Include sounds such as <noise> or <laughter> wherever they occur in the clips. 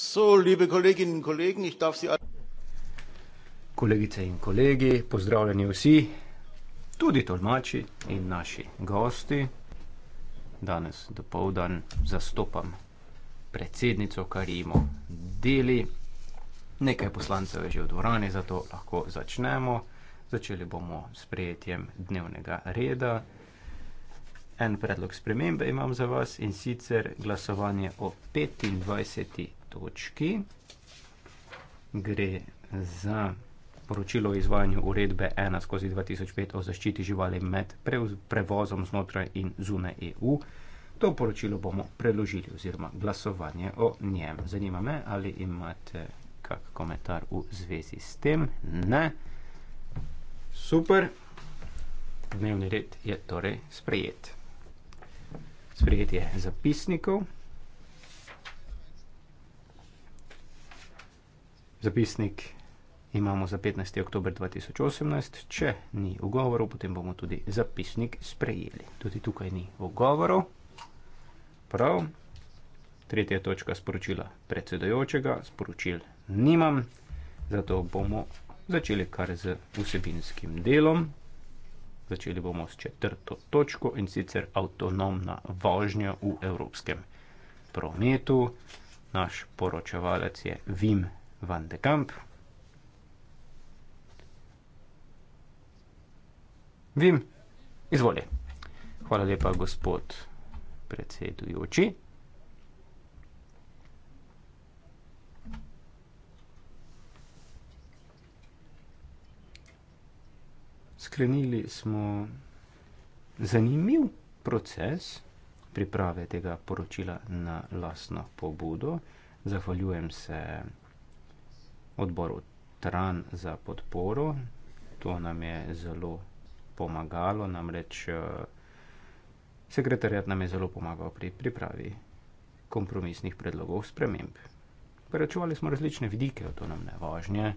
So, liebe Kolleginnen und Kollegen, ich darf Sie alle. Kolegice in kolegi, pozdravljeni vsi, tudi tolmači in naši gosti. Danes do povdan zastopam predsednico Karimo Deli. Nekaj poslancev je že v dvorani, zato lahko začnemo. Začeli bomo s prijetjem dnevnega reda. En predlog spremembe imam za vas in sicer glasovanje o 25 točki gre za poročilo o izvajanju uredbe 1 skozi 2005 o zaščiti živali med prevozom znotraj in zune EU. To poročilo bomo preložili oziroma glasovanje o njem. Zanima me, ali imate kak komentar v zvezi s tem. Ne. Super. Dnevni red je torej sprejet. Sprejetje zapisnikov. zapisnik imamo za 15. oktober 2018. Če ni ugovorov, potem bomo tudi zapisnik sprejeli. Tudi tukaj ni ugovorov. Prav. Tretja točka sporočila predsedojočega, sporočil nimam, zato bomo začeli kar z vsebinskim delom. Začeli bomo s četrto točko in sicer avtonomna vožnja v evropskem prometu. Naš poročevalec je Vim Van de Kamp. Vim, izvoli. Hvala lepa, gospod predsedujoči. Sklenili smo zanimiv proces priprave tega poročila na lastno pobudo. Zahvaljujem se odboru Tran za podporo. To nam je zelo pomagalo, namreč eh, sekretarjat nam je zelo pomagal pri pripravi kompromisnih predlogov sprememb. Preračuvali smo različne vidike avtonomne vožnje.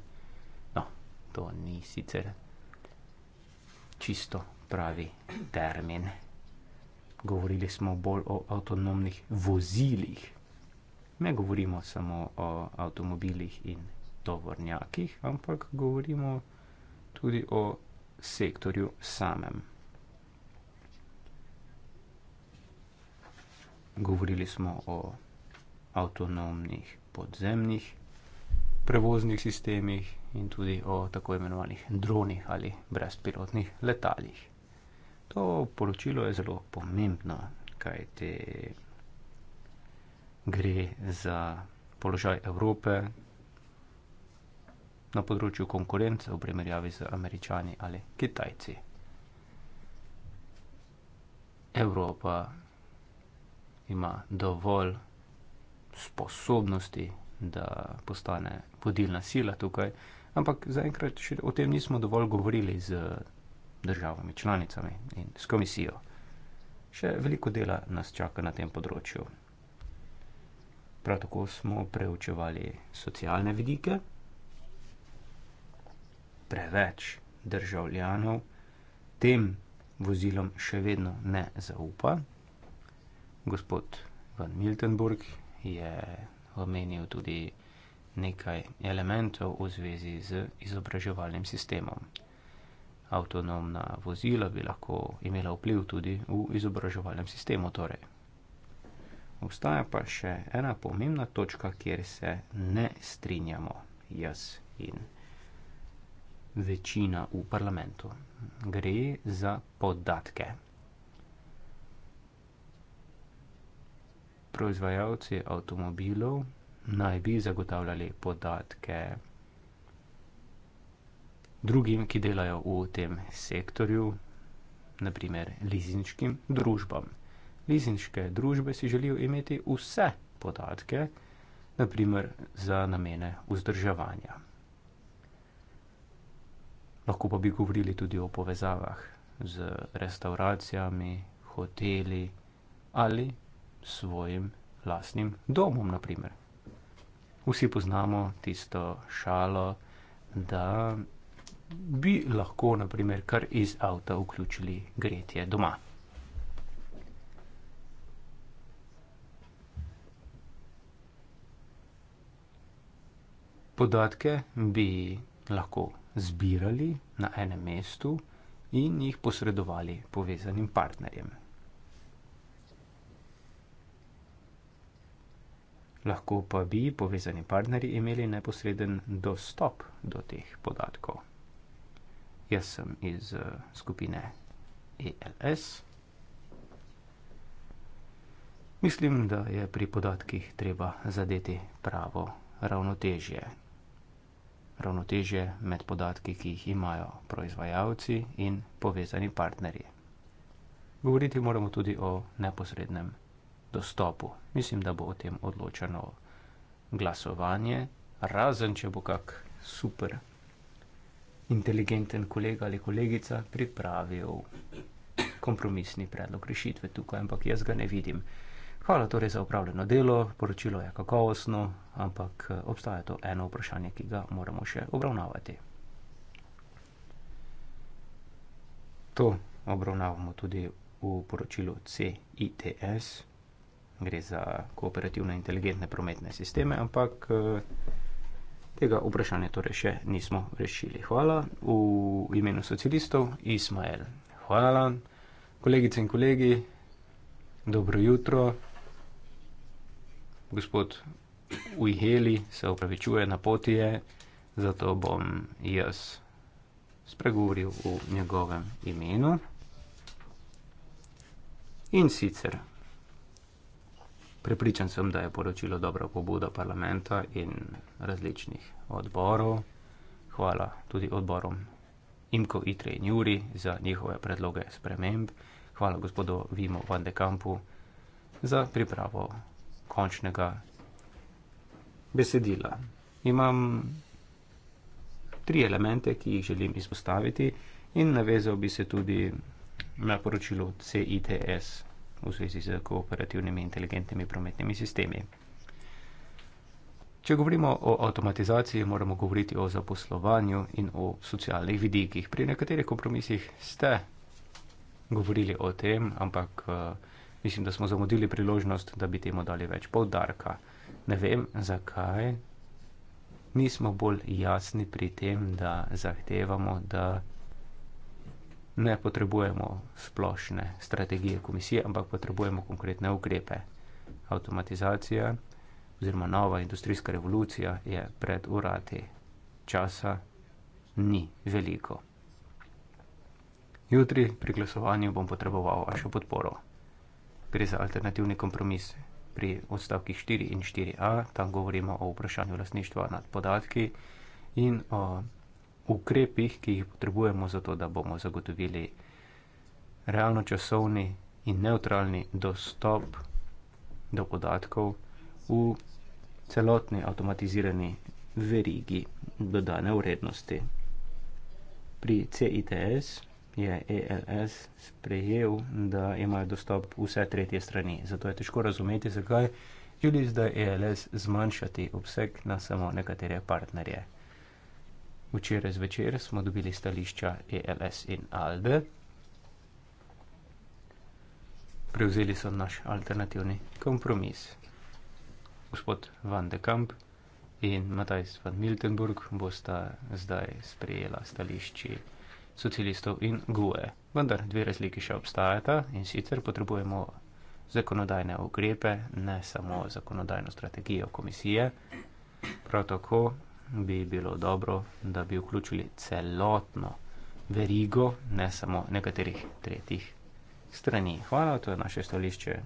No, to ni sicer čisto pravi termin. Govorili smo bolj o avtonomnih vozilih. Ne govorimo samo o avtomobilih in tovornjakih, ampak govorimo tudi o sektorju samem. Govorili smo o avtonomnih podzemnih prevoznih sistemih in tudi o tako imenovanih dronih ali brezpilotnih letalih. To poročilo je zelo pomembno, kajte gre za položaj Evrope, na področju konkurence v primerjavi z američani ali kitajci. Evropa ima dovolj sposobnosti, da postane vodilna sila tukaj, ampak zaenkrat še o tem nismo dovolj govorili z državami članicami in s komisijo. Še veliko dela nas čaka na tem področju. Prav tako smo preučevali socialne vidike, preveč državljanov tem vozilom še vedno ne zaupa. Gospod Van Miltenburg je omenil tudi nekaj elementov v zvezi z izobraževalnim sistemom. Avtonomna vozila bi lahko imela vpliv tudi v izobraževalnem sistemu. Torej. Obstaja pa še ena pomembna točka, kjer se ne strinjamo, jaz in jaz večina v parlamentu. Gre za podatke. Proizvajalci avtomobilov naj bi zagotavljali podatke drugim, ki delajo v tem sektorju, naprimer lizinčkim družbam. Lizinčke družbe si želijo imeti vse podatke, naprimer za namene vzdrževanja lahko pa bi govorili tudi o povezavah z restauracijami, hoteli ali svojim lastnim domom, na primer. Vsi poznamo tisto šalo, da bi lahko, na primer, kar iz avta vključili gretje doma. Podatke bi lahko zbirali na enem mestu in jih posredovali povezanim partnerjem. Lahko pa bi povezani partnerji imeli neposreden dostop do teh podatkov. Jaz sem iz eh, skupine ELS. Mislim, da je pri podatkih treba zadeti pravo ravnotežje, ravnotežje med podatki, ki jih imajo proizvajalci in povezani partnerji. Govoriti moramo tudi o neposrednem dostopu. Mislim, da bo o tem odločeno glasovanje, razen če bo kak super inteligenten kolega ali kolegica pripravil kompromisni predlog rešitve tukaj, ampak jaz ga ne vidim. Hvala torej za upravljeno delo, poročilo je kakovostno, ampak eh, obstaja to eno vprašanje, ki ga moramo še obravnavati. To obravnavamo tudi v poročilu CITS. Gre za kooperativne inteligentne prometne sisteme, ampak eh, tega vprašanja torej še nismo rešili. Hvala v imenu socialistov Ismael. Hvala. Kolegice in kolegi, dobro jutro gospod Ujheli se upravičuje, na poti je, zato bom jaz spregovoril v njegovem imenu. In sicer prepričan sem, da je poročilo dobro pobudo parlamenta in različnih odborov. Hvala tudi odborom Imko, Itre in Juri za njihove predloge sprememb. Hvala gospodu Vimo Vandekampu za pripravo končnega besedila. Imam tri elemente, ki jih želim izpostaviti in navezal bi se tudi na poročilo CITS v zvezi z kooperativnimi inteligentnimi prometnimi sistemi. Če govorimo o avtomatizaciji, moramo govoriti o zaposlovanju in o socialnih vidikih. Pri nekaterih kompromisih ste govorili o tem, ampak uh, Mislim, da smo zamudili priložnost, da bi temu dali več poudarka. Ne vem, zakaj nismo bolj jasni pri tem, da zahtevamo, da ne potrebujemo splošne strategije komisije, ampak potrebujemo konkretne ukrepe. Avtomatizacija oziroma nova industrijska revolucija je pred urati. Časa ni veliko. Jutri pri glasovanju bom potreboval vašo podporo gre za alternativni kompromis. Pri odstavkih 4 in 4a tam govorimo o vprašanju lasništva nad podatki in o ukrepih, ki jih potrebujemo za to, da bomo zagotovili realno časovni in neutralni dostop do podatkov v celotni avtomatizirani verigi dodane vrednosti. Pri CITS je ELS sprejel, da imajo dostop vse tretje strani. Zato je težko razumeti, zakaj želi zdaj ELS zmanjšati obseg na samo nekatere partnerje. Včeraj zvečer smo dobili stališča ELS in ALDE. Prevzeli so naš alternativni kompromis. Gospod Van de Kamp in Matajs van Miltenburg bosta zdaj sprejela stališči socialistov in GUE. Vendar dve razliki še obstajata in sicer potrebujemo zakonodajne ukrepe, ne samo zakonodajno strategijo komisije. Prav tako bi bilo dobro, da bi vključili celotno verigo, ne samo nekaterih tretjih strani. Hvala, to je naše stališče.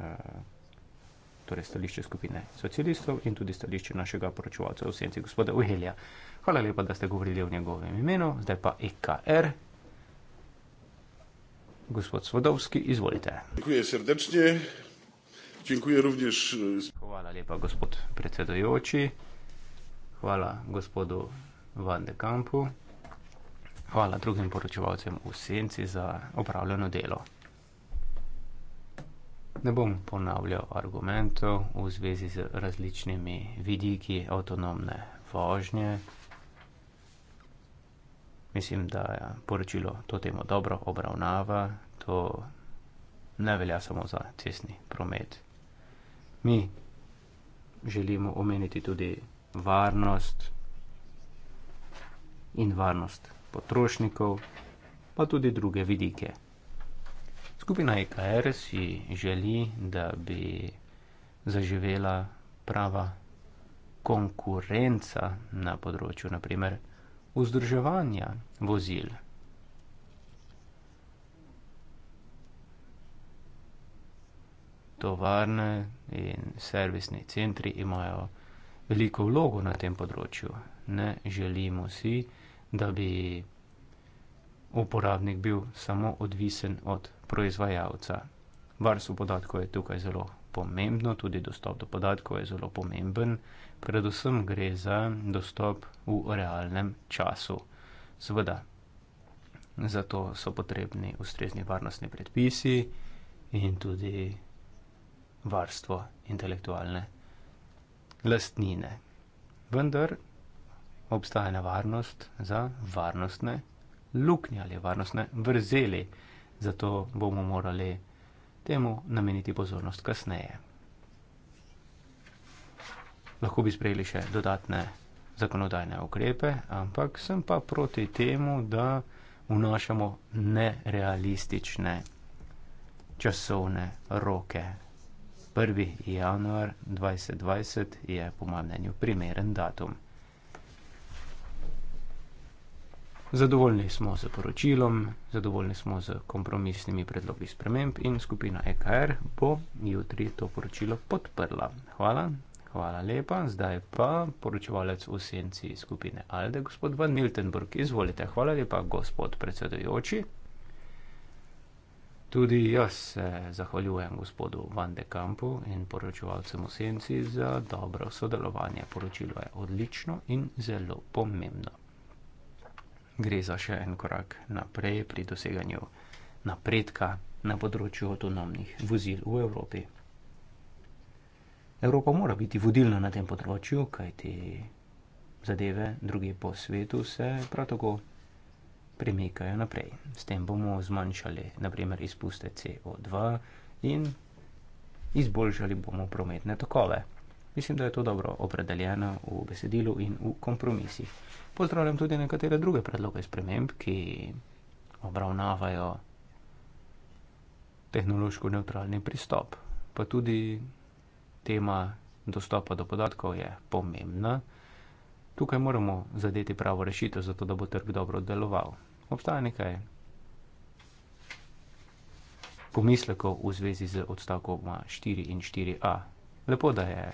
Uh, torej stališče skupine socialistov in tudi stališče našega poročevalca v senci gospoda Uhelja. Hvala lepa, da ste govorili v njegovem imenu, zdaj pa EKR. Gospod Svodovski, izvolite. Dziękuję srdečne. Dziękuję również... E, Hvala lepa, gospod predsedojoči. Hvala gospodu Van de Kampu. Hvala drugim poročevalcem v senci za opravljeno delo. Ne bom ponavljal argumentov v zvezi z različnimi vidiki avtonomne vožnje. Mislim, da je poročilo to temo dobro obravnava. To ne velja samo za cestni promet. Mi želimo omeniti tudi varnost in varnost potrošnikov, pa tudi druge vidike. Skupina EKR si želi, da bi zaživela prava konkurenca na področju naprimer vzdrževanja vozil. Tovarne in servisni centri imajo veliko vlogo na tem področju. Ne želimo si, da bi uporabnik bil samo odvisen od proizvajalca. Varstvo podatkov je tukaj zelo pomembno, tudi dostop do podatkov je zelo pomemben, predvsem gre za dostop v realnem času. Seveda, zato so potrebni ustrezni varnostni predpisi in tudi varstvo intelektualne lastnine. Vendar obstaja nevarnost za varnostne luknje ali varnostne vrzeli zato bomo morali temu nameniti pozornost kasneje. Lahko bi sprejeli še dodatne zakonodajne ukrepe, ampak sem pa proti temu, da vnašamo nerealistične časovne roke. 1. januar 2020 je po mojem mnenju primeren datum. Zadovoljni smo z poročilom, zadovoljni smo z kompromisnimi predlogi sprememb in skupina EKR bo jutri to poročilo podprla. Hvala, hvala lepa. Zdaj pa poročevalec v senci skupine Alde, gospod Van Miltenburg. Izvolite, hvala lepa, gospod predsedujoči. Tudi jaz se zahvaljujem gospodu Van de Kampu in poročevalcem v senci za dobro sodelovanje. Poročilo je odlično in zelo pomembno gre za še en korak naprej pri doseganju napredka na področju avtonomnih vozil v Evropi. Evropa mora biti vodilna na tem področju, kajti zadeve druge po svetu se prav tako premikajo naprej. S tem bomo zmanjšali naprimer izpuste CO2 in izboljšali bomo prometne tokove. Mislim, da je to dobro opredeljeno v besedilu in v kompromisih. Pozdravljam tudi nekatere druge predloge sprememb, ki obravnavajo tehnološko neutralni pristop. Pa tudi tema dostopa do podatkov je pomembna. Tukaj moramo zadeti pravo rešitev, zato da bo trg dobro deloval. Obstaja nekaj pomislekov v zvezi z odstavkom 4 in 4a. Lepo, da je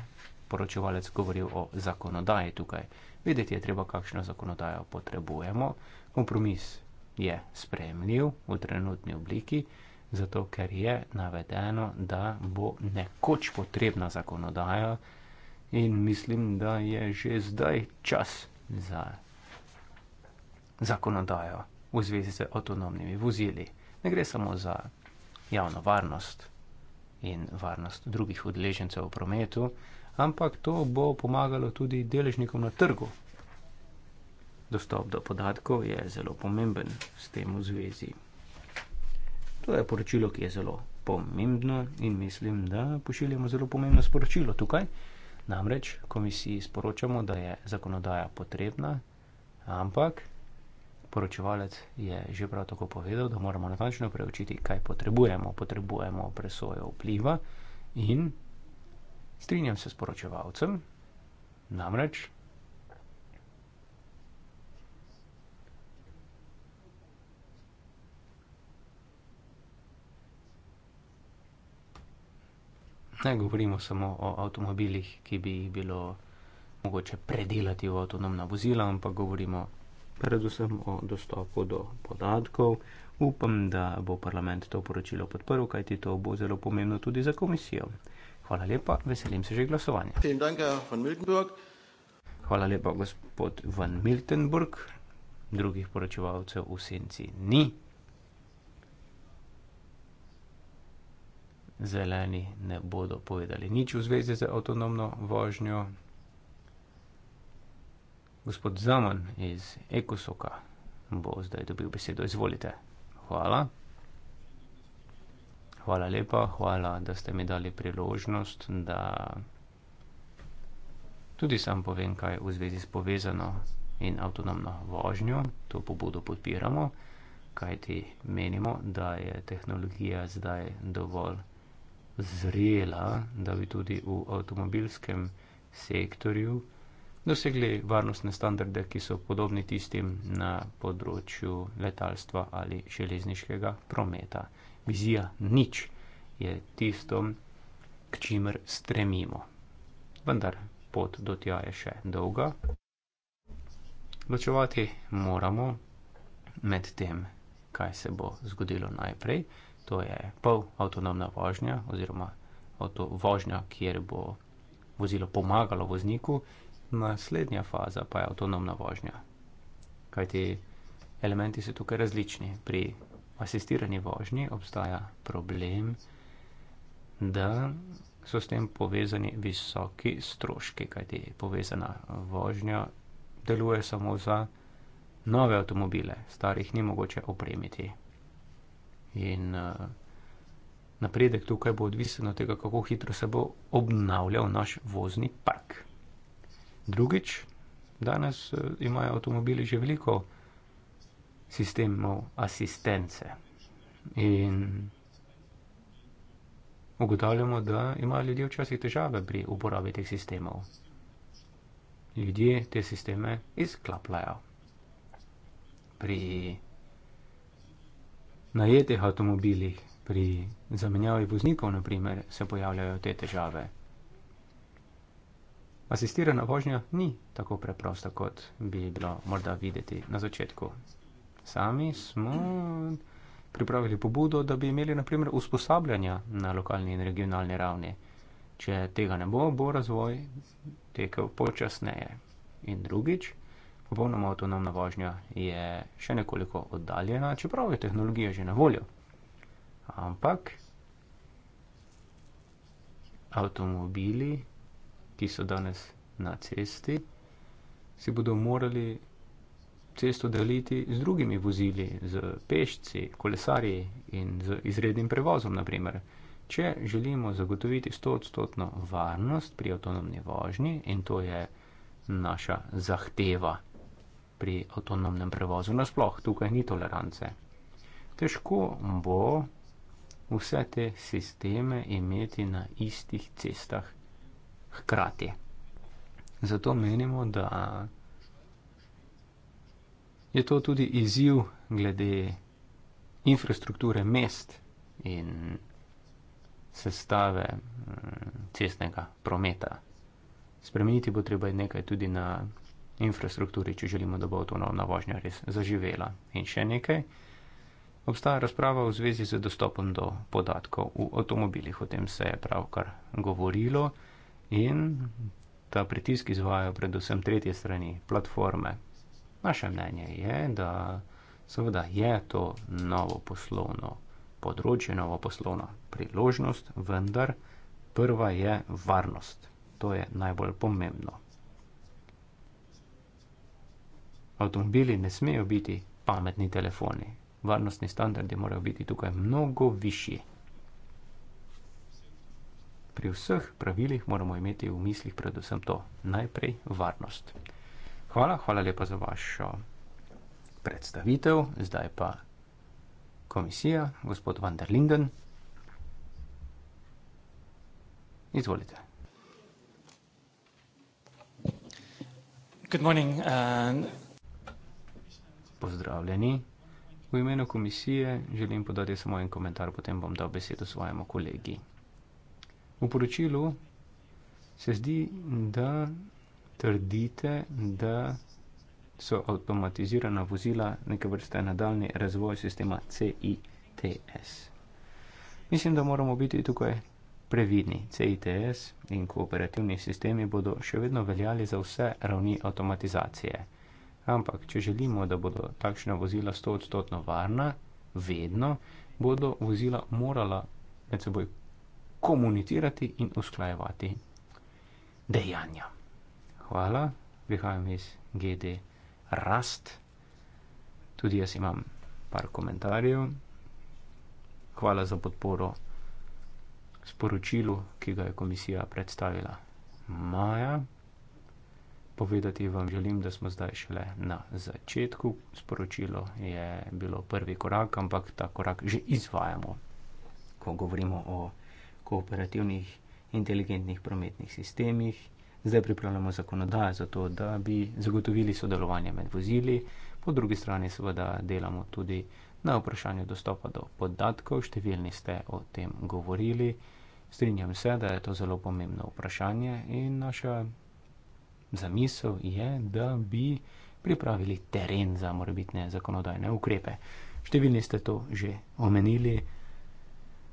poročevalec govoril o zakonodaji tukaj. Videti je treba, kakšno zakonodajo potrebujemo. Kompromis je sprejemljiv v trenutni obliki, zato ker je navedeno, da bo nekoč potrebna zakonodaja in mislim, da je že zdaj čas za zakonodajo v zvezi z avtonomnimi vozili. Ne gre samo za javno varnost in varnost drugih udeležencev v prometu, ampak to bo pomagalo tudi deležnikom na trgu. Dostop do podatkov je zelo pomemben s tem v zvezi. To je poročilo, ki je zelo pomembno in mislim, da pošiljamo zelo pomembno sporočilo tukaj. Namreč komisiji sporočamo, da je zakonodaja potrebna, ampak poročevalec je že prav tako povedal, da moramo natančno preučiti, kaj potrebujemo. Potrebujemo presojo vpliva in strinjam se s poročevalcem, namreč ne govorimo samo o avtomobilih, ki bi jih bilo mogoče predelati v avtonomna vozila, ampak govorimo o predvsem o dostopu do podatkov. Upam, da bo parlament to poročilo podprl, kajti to bo zelo pomembno tudi za komisijo. Hvala lepa, veselim se že glasovanja. Hvala lepa, gospod Van Miltenburg. Drugih poročevalcev v senci ni. Zeleni ne bodo povedali nič v zvezi z avtonomno vožnjo. Gospod Zaman iz Ekosoka bo zdaj dobil besedo. Izvolite. Hvala. Hvala lepa, hvala, da ste mi dali priložnost, da tudi sam povem, kaj v zvezi s povezano in avtonomno vožnjo. To pobudo podpiramo, kajti menimo, da je tehnologija zdaj dovolj zrela, da bi tudi v avtomobilskem sektorju dosegli varnostne standarde, ki so podobni tistim na področju letalstva ali železniškega prometa. Vizija nič je tisto, k čimer stremimo. Vendar pot do tja je še dolga. Ločevati moramo med tem, kaj se bo zgodilo najprej. To je pol avtonomna vožnja oziroma avto vožnja, kjer bo vozilo pomagalo vozniku naslednja faza pa je avtonomna vožnja. Kajti elementi so tukaj različni. Pri asistirani vožnji obstaja problem, da so s tem povezani visoki stroški, kajti povezana vožnja deluje samo za nove avtomobile, starih ni mogoče opremiti. In eh, napredek tukaj bo odvisen od tega, kako hitro se bo obnavljal naš vozni park. Drugič, danes eh, imajo avtomobili že veliko sistemov asistence in ugotavljamo, da imajo ljudje včasih težave pri uporabi teh sistemov. Ljudje te sisteme izklapljajo. Pri najetih avtomobilih, pri zamenjavi voznikov, naprimer, se pojavljajo te težave. Asistirana vožnja ni tako preprosta, kot bi bilo morda videti na začetku. Sami smo pripravili pobudo, da bi imeli naprimer usposabljanja na lokalni in regionalni ravni. Če tega ne bo, bo razvoj tekel počasneje. In drugič, popolnoma avtonomna vožnja je še nekoliko oddaljena, čeprav je tehnologija že na voljo. Ampak avtomobili ki so danes na cesti, si bodo morali cesto deliti z drugimi vozili, z pešci, kolesarji in z izrednim prevozom, naprimer. Če želimo zagotoviti 100-odstotno varnost pri avtonomni vožnji, in to je naša zahteva pri avtonomnem prevozu, nasploh tukaj ni tolerance. Težko bo vse te sisteme imeti na istih cestah hkrati. Zato menimo, da je to tudi izziv glede infrastrukture mest in sestave mm, cestnega prometa. Spremeniti bo treba nekaj tudi na infrastrukturi, če želimo, da bo avtonomna vožnja res zaživela. In še nekaj. Obstaja razprava v zvezi z dostopom do podatkov v avtomobilih, o tem se je pravkar govorilo in ta pritisk izvajo predvsem tretje strani, platforme. Naše mnenje je, da seveda je to novo poslovno področje, novo poslovno priložnost, vendar prva je varnost. To je najbolj pomembno. Avtomobili ne smejo biti pametni telefoni. Varnostni standardi morajo biti tukaj mnogo višji pri vseh pravilih moramo imeti v mislih predvsem to, najprej varnost. Hvala, hvala lepa za vašo predstavitev. Zdaj pa komisija, gospod Van der Linden. Izvolite. Uh, Pozdravljeni. V imenu komisije želim podati samo en komentar, potem bom dal besedo svojemu kolegi. V poročilu se zdi, da trdite, da so avtomatizirana vozila neke vrste nadaljni razvoj sistema CITS. Mislim, da moramo biti tukaj previdni. CITS in kooperativni sistemi bodo še vedno veljali za vse ravni avtomatizacije. Ampak, če želimo, da bodo takšna vozila 100% varna, vedno bodo vozila morala med seboj komunicirati in usklajevati dejanja. Hvala, prihajam iz GD Rast. Tudi jaz imam par komentarjev. Hvala za podporo sporočilu, ki ga je komisija predstavila maja. Povedati vam želim, da smo zdaj šele na začetku. Sporočilo je bilo prvi korak, ampak ta korak že izvajamo, ko govorimo o kooperativnih inteligentnih prometnih sistemih. Zdaj pripravljamo zakonodajo za to, da bi zagotovili sodelovanje med vozili, po drugi strani seveda delamo tudi na vprašanju dostopa do podatkov, številni ste o tem govorili. Strinjam se, da je to zelo pomembno vprašanje in naša zamisel je, da bi pripravili teren za morebitne zakonodajne ukrepe. Številni ste to že omenili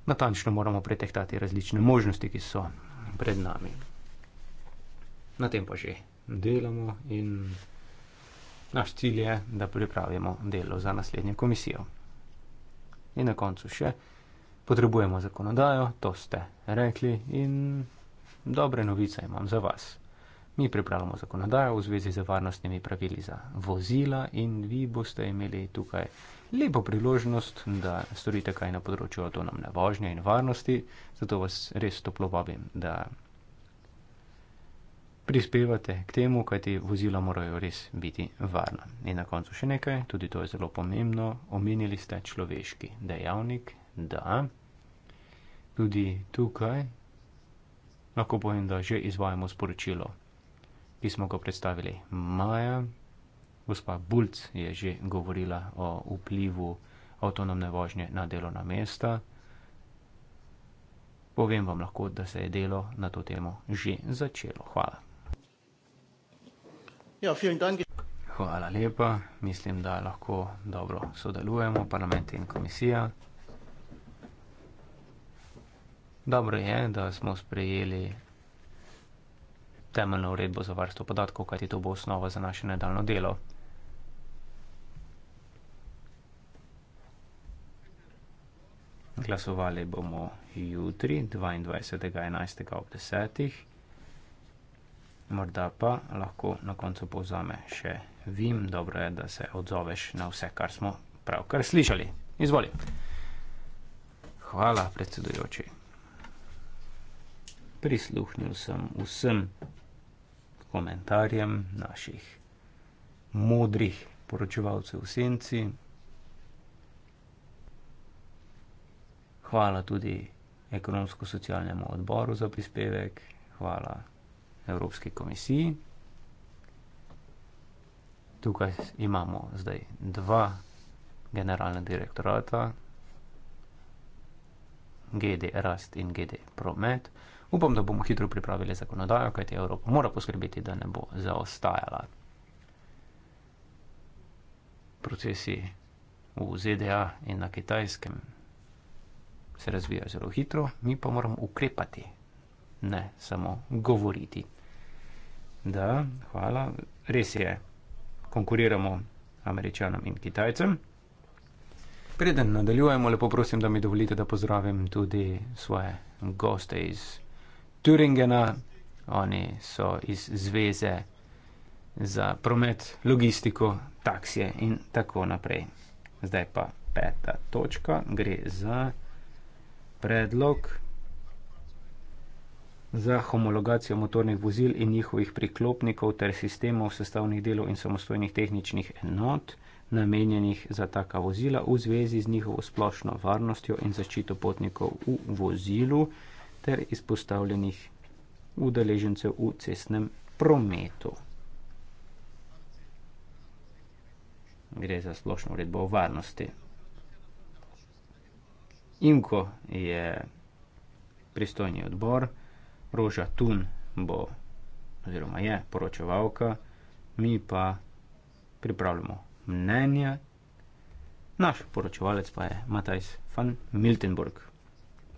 natančno moramo pretehtati različne možnosti, ki so pred nami. Na tem pa že delamo in naš cilj je, da pripravimo delo za naslednjo komisijo. In na koncu še potrebujemo zakonodajo, to ste rekli in dobre novice imam za vas. Mi pripravljamo zakonodajo v zvezi z varnostnimi pravili za vozila in vi boste imeli tukaj lepo priložnost, da storite kaj na področju avtonomne vožnje in varnosti, zato vas res toplo vabim, da prispevate k temu, kajti vozila morajo res biti varna. In na koncu še nekaj, tudi to je zelo pomembno, omenili ste človeški dejavnik, da tudi tukaj lahko povem, da že izvajamo sporočilo, ki smo ga predstavili maja gospa Bulc je že govorila o vplivu avtonomne vožnje na delovna mesta. Povem vam lahko, da se je delo na to temo že začelo. Hvala. Ja, Hvala lepa. Mislim, da lahko dobro sodelujemo, parlament in komisija. Dobro je, da smo sprejeli temeljno uredbo za varstvo podatkov, kajti to bo osnova za naše nedaljno delo. Glasovali bomo jutri, 22.11. ob 10. Morda pa lahko na koncu povzame še vim, dobro je, da se odzoveš na vse, kar smo pravkar slišali. Izvoli. Hvala, predsedujoči. Prisluhnil sem vsem komentarjem naših modrih poročevalcev v senci. hvala tudi ekonomsko-socialnemu odboru za prispevek, hvala Evropski komisiji. Tukaj imamo zdaj dva generalna direktorata, GD Rast in GD Promet. Upam, da bomo hitro pripravili zakonodajo, kajti Evropa mora poskrbeti, da ne bo zaostajala. Procesi v ZDA in na kitajskem se razvijajo zelo hitro, mi pa moramo ukrepati, ne samo govoriti. Da, hvala. Res je, konkuriramo američanom in kitajcem. Preden nadaljujemo, lepo prosim, da mi dovolite, da pozdravim tudi svoje goste iz Turingena. Oni so iz Zveze za promet, logistiko, taksije in tako naprej. Zdaj pa peta točka gre za predlog za homologacijo motornih vozil in njihovih priklopnikov ter sistemov sestavnih delov in samostojnih tehničnih enot, namenjenih za taka vozila v zvezi z njihovo splošno varnostjo in zaščito potnikov v vozilu ter izpostavljenih udeležencev v cestnem prometu. Gre za splošno uredbo o varnosti. Imko je pristojni odbor, Roža Tun bo, oziroma je poročevalka, mi pa pripravljamo mnenja. Naš poročevalec pa je Matajs van Miltenburg.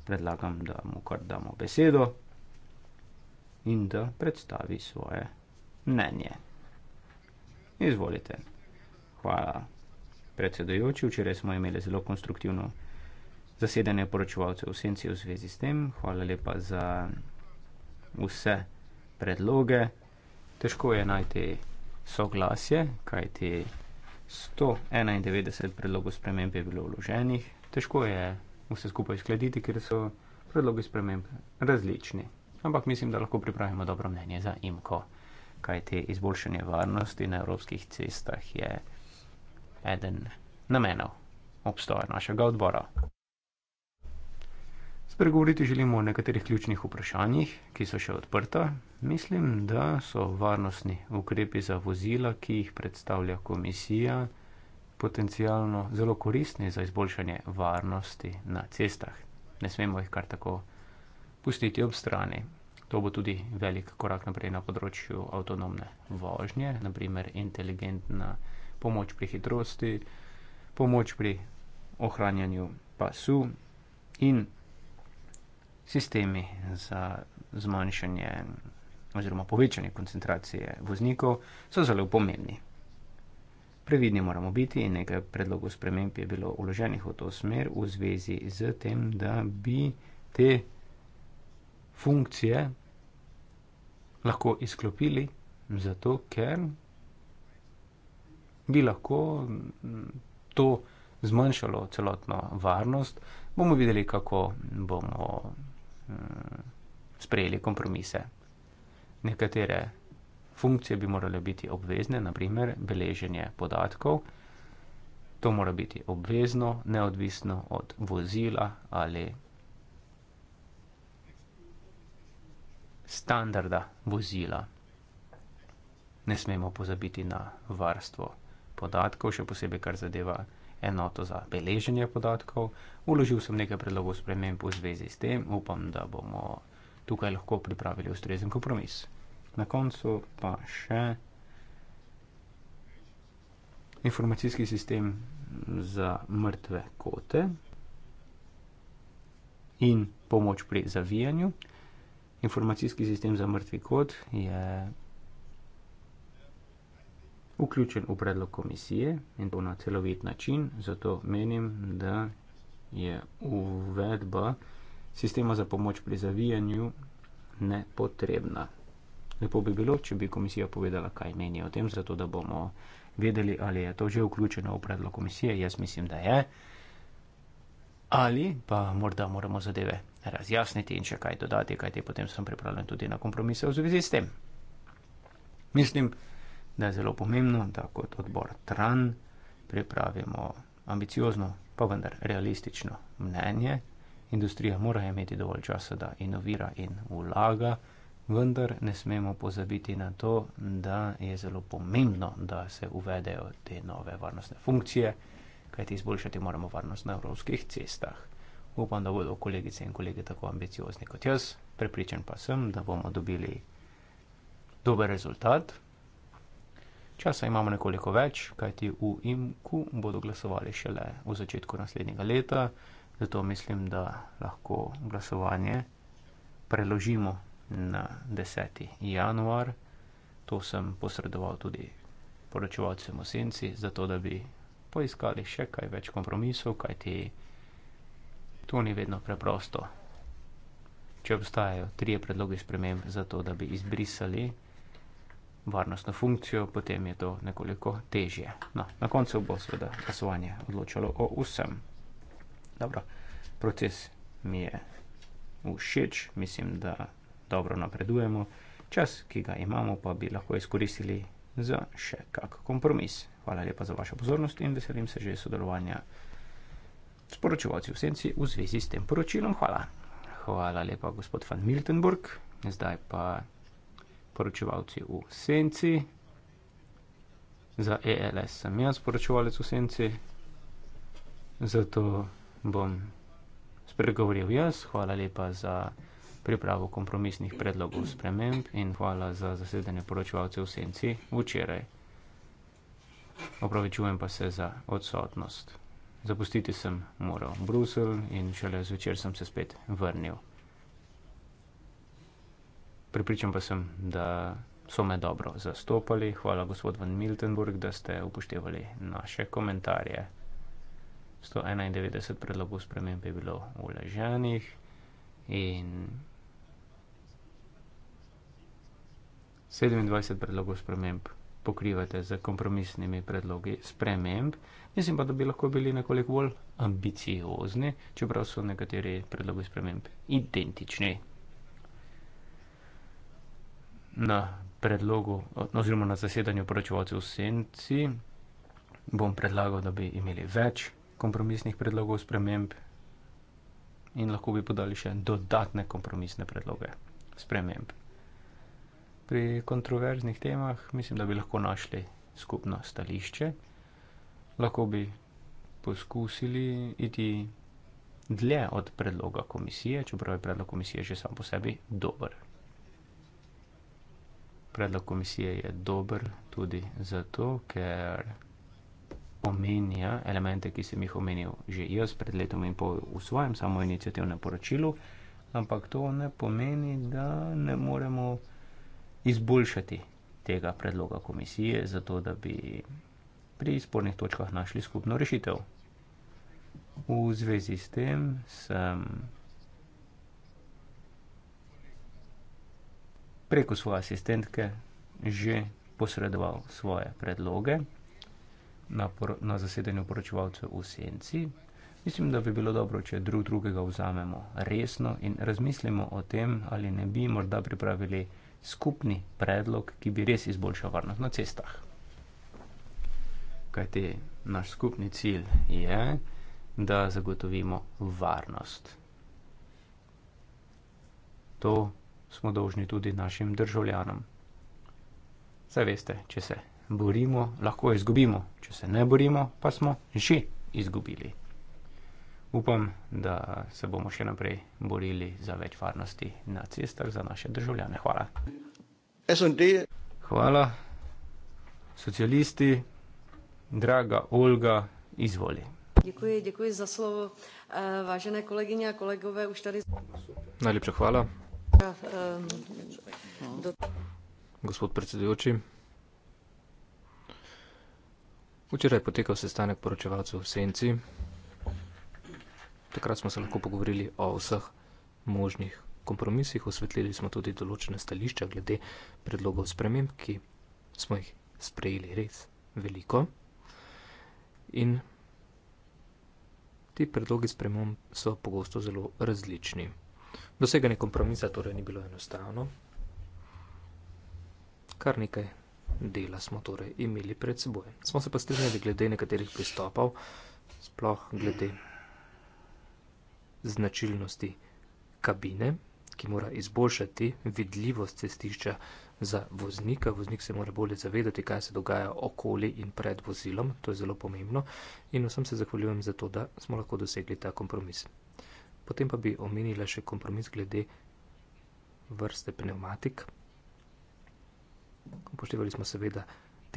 Predlagam, da mu kar damo besedo in da predstavi svoje mnenje. Izvolite. Hvala, predsedujoči. Včeraj smo imeli zelo konstruktivno zasedanje poročevalcev v senci v zvezi s tem. Hvala lepa za vse predloge. Težko je najti soglasje, kajti 191 predlogov sprememb je bilo vloženih. Težko je vse skupaj skladiti, ker so predlogi sprememb različni. Ampak mislim, da lahko pripravimo dobro mnenje za IMKO, kajti izboljšanje varnosti na evropskih cestah je eden namenov obstoja našega odbora. Spregovoriti želimo o nekaterih ključnih vprašanjih, ki so še odprta. Mislim, da so varnostni ukrepi za vozila, ki jih predstavlja komisija, potencialno zelo koristni za izboljšanje varnosti na cestah. Ne smemo jih kar tako pustiti ob strani. To bo tudi velik korak naprej na področju avtonomne vožnje, naprimer inteligentna pomoč pri hitrosti, pomoč pri ohranjanju pasu in sistemi za zmanjšanje oziroma povečanje koncentracije voznikov so zelo pomembni. Previdni moramo biti in nekaj predlogov sprememb je bilo uloženih v to smer v zvezi z tem, da bi te funkcije lahko izklopili, zato ker bi lahko to zmanjšalo celotno varnost. Bomo videli, kako bomo Eh, sprejeli kompromise. Nekatere funkcije bi morale biti obvezne, naprimer beleženje podatkov. To mora biti obvezno, neodvisno od vozila ali standarda vozila. Ne smemo pozabiti na varstvo podatkov, še posebej kar zadeva enoto za beleženje podatkov. Uložil sem nekaj predlogov sprememb v zvezi s tem, upam, da bomo tukaj lahko pripravili ustrezen kompromis. Na koncu pa še informacijski sistem za mrtve kote in pomoč pri zavijanju. Informacijski sistem za mrtvi kot je vključen v predlog komisije in to na celovit način, zato menim, da je uvedba sistema za pomoč pri zavijanju nepotrebna. Lepo bi bilo, če bi komisija povedala, kaj meni o tem, zato da bomo vedeli, ali je to že vključeno v predlog komisije. Jaz mislim, da je. Ali pa morda moramo zadeve razjasniti in še kaj dodati, kajti potem sem pripravljen tudi na kompromise v zvezi s tem. Mislim, da je zelo pomembno, da kot odbor Tran pripravimo ambiciozno, pa vendar realistično mnenje. Industrija mora imeti dovolj časa, da inovira in vlaga, vendar ne smemo pozabiti na to, da je zelo pomembno, da se uvedejo te nove varnostne funkcije, kajti izboljšati moramo varnost na evropskih cestah. Upam, da bodo kolegice in kolege tako ambiciozni kot jaz, prepričan pa sem, da bomo dobili dober rezultat. Časa imamo nekoliko več, kajti v IMKU bodo glasovali šele v začetku naslednjega leta, zato mislim, da lahko glasovanje preložimo na 10. januar. To sem posredoval tudi poročevalcem v Senci, zato da bi poiskali še kaj več kompromisov, kajti to ni vedno preprosto. Če obstajajo trije predlogi sprememb za to, da bi izbrisali varnostno funkcijo, potem je to nekoliko težje. No, na koncu bo seveda glasovanje odločalo o vsem. Dobro, proces mi je všeč, mislim, da dobro napredujemo. Čas, ki ga imamo, pa bi lahko izkoristili za še kak kompromis. Hvala lepa za vašo pozornost in veselim se že sodelovanja s poročevalci v senci v zvezi s tem poročilom. Hvala. Hvala lepa, gospod van Miltenburg. Zdaj pa poročevalci v senci, za ELS sem jaz poročevalec v senci, zato bom spregovoril jaz. Hvala lepa za pripravo kompromisnih predlogov sprememb in hvala za zasedanje poročevalcev v senci včeraj. Opravičujem pa se za odsotnost. Zapustiti sem moral Bruselj in šele zvečer sem se spet vrnil. Pripričan pa sem, da so me dobro zastopali. Hvala, gospod Van Miltenburg, da ste upoštevali naše komentarje. 191 predlogov sprememb je bilo uleženih in 27 predlogov sprememb pokrivate z kompromisnimi predlogi sprememb. Mislim pa, da bi lahko bili nekoliko bolj ambiciozni, čeprav so nekateri predlogi sprememb identični na predlogu oziroma na zasedanju poročevalcev v senci bom predlagal, da bi imeli več kompromisnih predlogov sprememb in lahko bi podali še dodatne kompromisne predloge sprememb. Pri kontroverznih temah mislim, da bi lahko našli skupno stališče. Lahko bi poskusili iti dlje od predloga komisije, čeprav je predlog komisije že sam po sebi dober predlog komisije je dober tudi zato, ker omenja elemente, ki sem jih omenil že jaz pred letom in pol v svojem samo inicijativnem poročilu, ampak to ne pomeni, da ne moremo izboljšati tega predloga komisije, zato da bi pri spornih točkah našli skupno rešitev. V zvezi s tem sem preko svoje asistentke že posredoval svoje predloge na, por, na zasedanju poročevalcev v Senci. Mislim, da bi bilo dobro, če drug drugega vzamemo resno in razmislimo o tem, ali ne bi morda pripravili skupni predlog, ki bi res izboljšal varnost na cestah. Kajti naš skupni cilj je, da zagotovimo varnost. To smo dolžni tudi našim državljanom. Zaveste, če se borimo, lahko izgubimo, če se ne borimo, pa smo že izgubili. Upam, da se bomo še naprej borili za več varnosti na cestah za naše državljane. Hvala. Hvala, socialisti, draga Olga, izvoli. Děkuji, děkuji za slovo. Eh, vážené kolegyně a kolegové, už tady... Najlepša hvala, Ja, ehm, Gospod predsedujoči. Včeraj je potekal sestanek poročevalcev v Senci. Takrat smo se lahko pogovorili o vseh možnih kompromisih, osvetlili smo tudi določene stališča glede predlogov sprememb, ki smo jih sprejeli res veliko. In ti predlogi sprememb so pogosto zelo različni. Doseganje kompromisa torej ni bilo enostavno. Kar nekaj dela smo torej imeli pred seboj. Smo se pa strinjali glede nekaterih pristopov, sploh glede značilnosti kabine, ki mora izboljšati vidljivost cestišča za voznika. Voznik se mora bolje zavedati, kaj se dogaja okoli in pred vozilom. To je zelo pomembno. In vsem se zahvaljujem za to, da smo lahko dosegli ta kompromis. Potem pa bi omenila še kompromis glede vrste pneumatik. Upoštevali smo seveda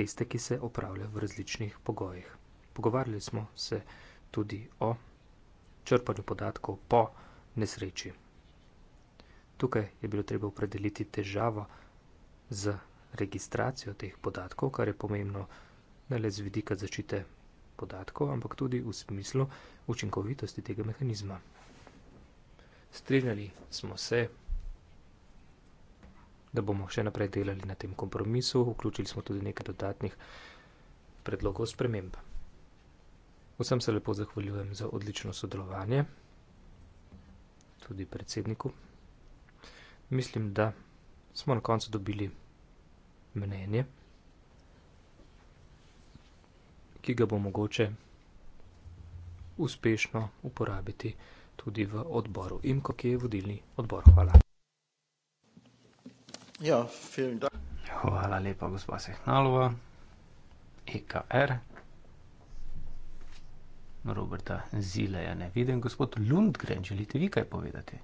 teste, ki se opravljajo v različnih pogojih. Pogovarjali smo se tudi o črpanju podatkov po nesreči. Tukaj je bilo treba opredeliti težavo z registracijo teh podatkov, kar je pomembno ne le z vidika zaščite podatkov, ampak tudi v smislu učinkovitosti tega mehanizma. Strinjali smo se, da bomo še naprej delali na tem kompromisu, vključili smo tudi nekaj dodatnih predlogov sprememb. Vsem se lepo zahvaljujem za odlično sodelovanje, tudi predsedniku. Mislim, da smo na koncu dobili mnenje, ki ga bo mogoče uspešno uporabiti tudi v odboru. Imko, ki je vodilni odbor. Hvala. Ja, Hvala lepa, gospa Sehnalova. EKR. Er. Roberta Zileja ne vidim. Gospod Lundgren, želite vi kaj povedati?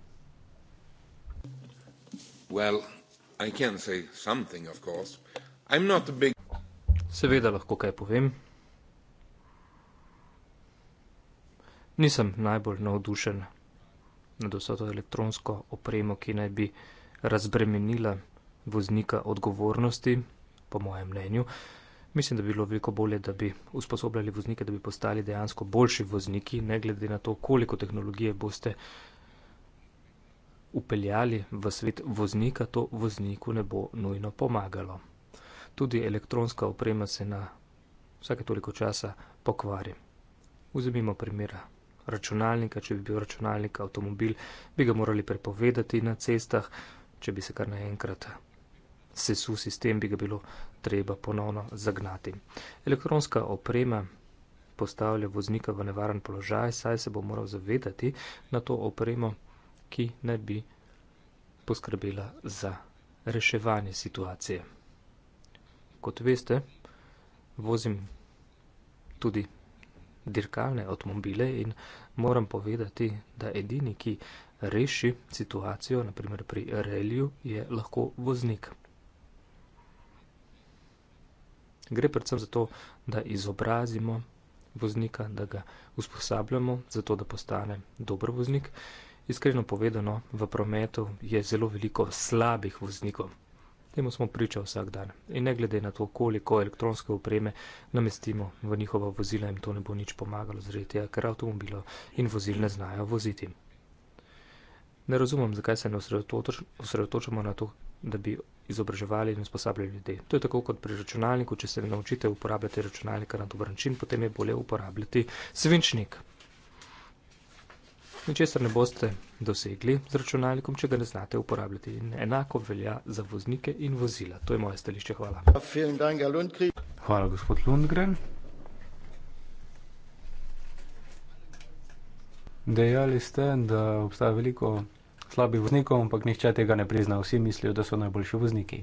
Well, I can say something, of course. I'm not a big... Seveda lahko kaj povem. nisem najbolj navdušen nad vso to elektronsko opremo, ki naj bi razbremenila voznika odgovornosti, po mojem mnenju. Mislim, da bi bilo veliko bolje, da bi usposobljali voznike, da bi postali dejansko boljši vozniki, ne glede na to, koliko tehnologije boste upeljali v svet voznika, to vozniku ne bo nujno pomagalo. Tudi elektronska oprema se na vsake toliko časa pokvari. Vzemimo primera računalnika, če bi bil računalnik avtomobil, bi ga morali prepovedati na cestah, če bi se kar naenkrat sesu sistem, bi ga bilo treba ponovno zagnati. Elektronska oprema postavlja voznika v nevaren položaj, saj se bo moral zavedati na to opremo, ki naj bi poskrbela za reševanje situacije. Kot veste, vozim tudi dirkalne avtomobile in moram povedati, da edini, ki reši situacijo, naprimer pri reliju, je lahko voznik. Gre predvsem za to, da izobrazimo voznika, da ga usposabljamo, zato da postane dober voznik. Iskreno povedano, v prometu je zelo veliko slabih voznikov. Temu smo priča vsak dan in ne glede na to, koliko elektronske opreme namestimo v njihova vozila, jim to ne bo nič pomagalo zreti, ker avtomobilo in vozil ne znajo voziti. Ne razumem, zakaj se ne osredotočamo na to, da bi izobraževali in usposabljali ljudi. To je tako kot pri računalniku, če se ne naučite uporabljati računalnika na dober način, potem je bolje uporabljati svinčnik. Ničesar ne boste dosegli z računalnikom, če ga ne znate uporabljati. In enako velja za voznike in vozila. To je moje stališče. Hvala. Ja, Hvala, gospod Lundgren. Dejali ste, da obstaja veliko slabih voznikov, ampak nihče tega ne prizna. Vsi mislijo, da so najboljši vozniki.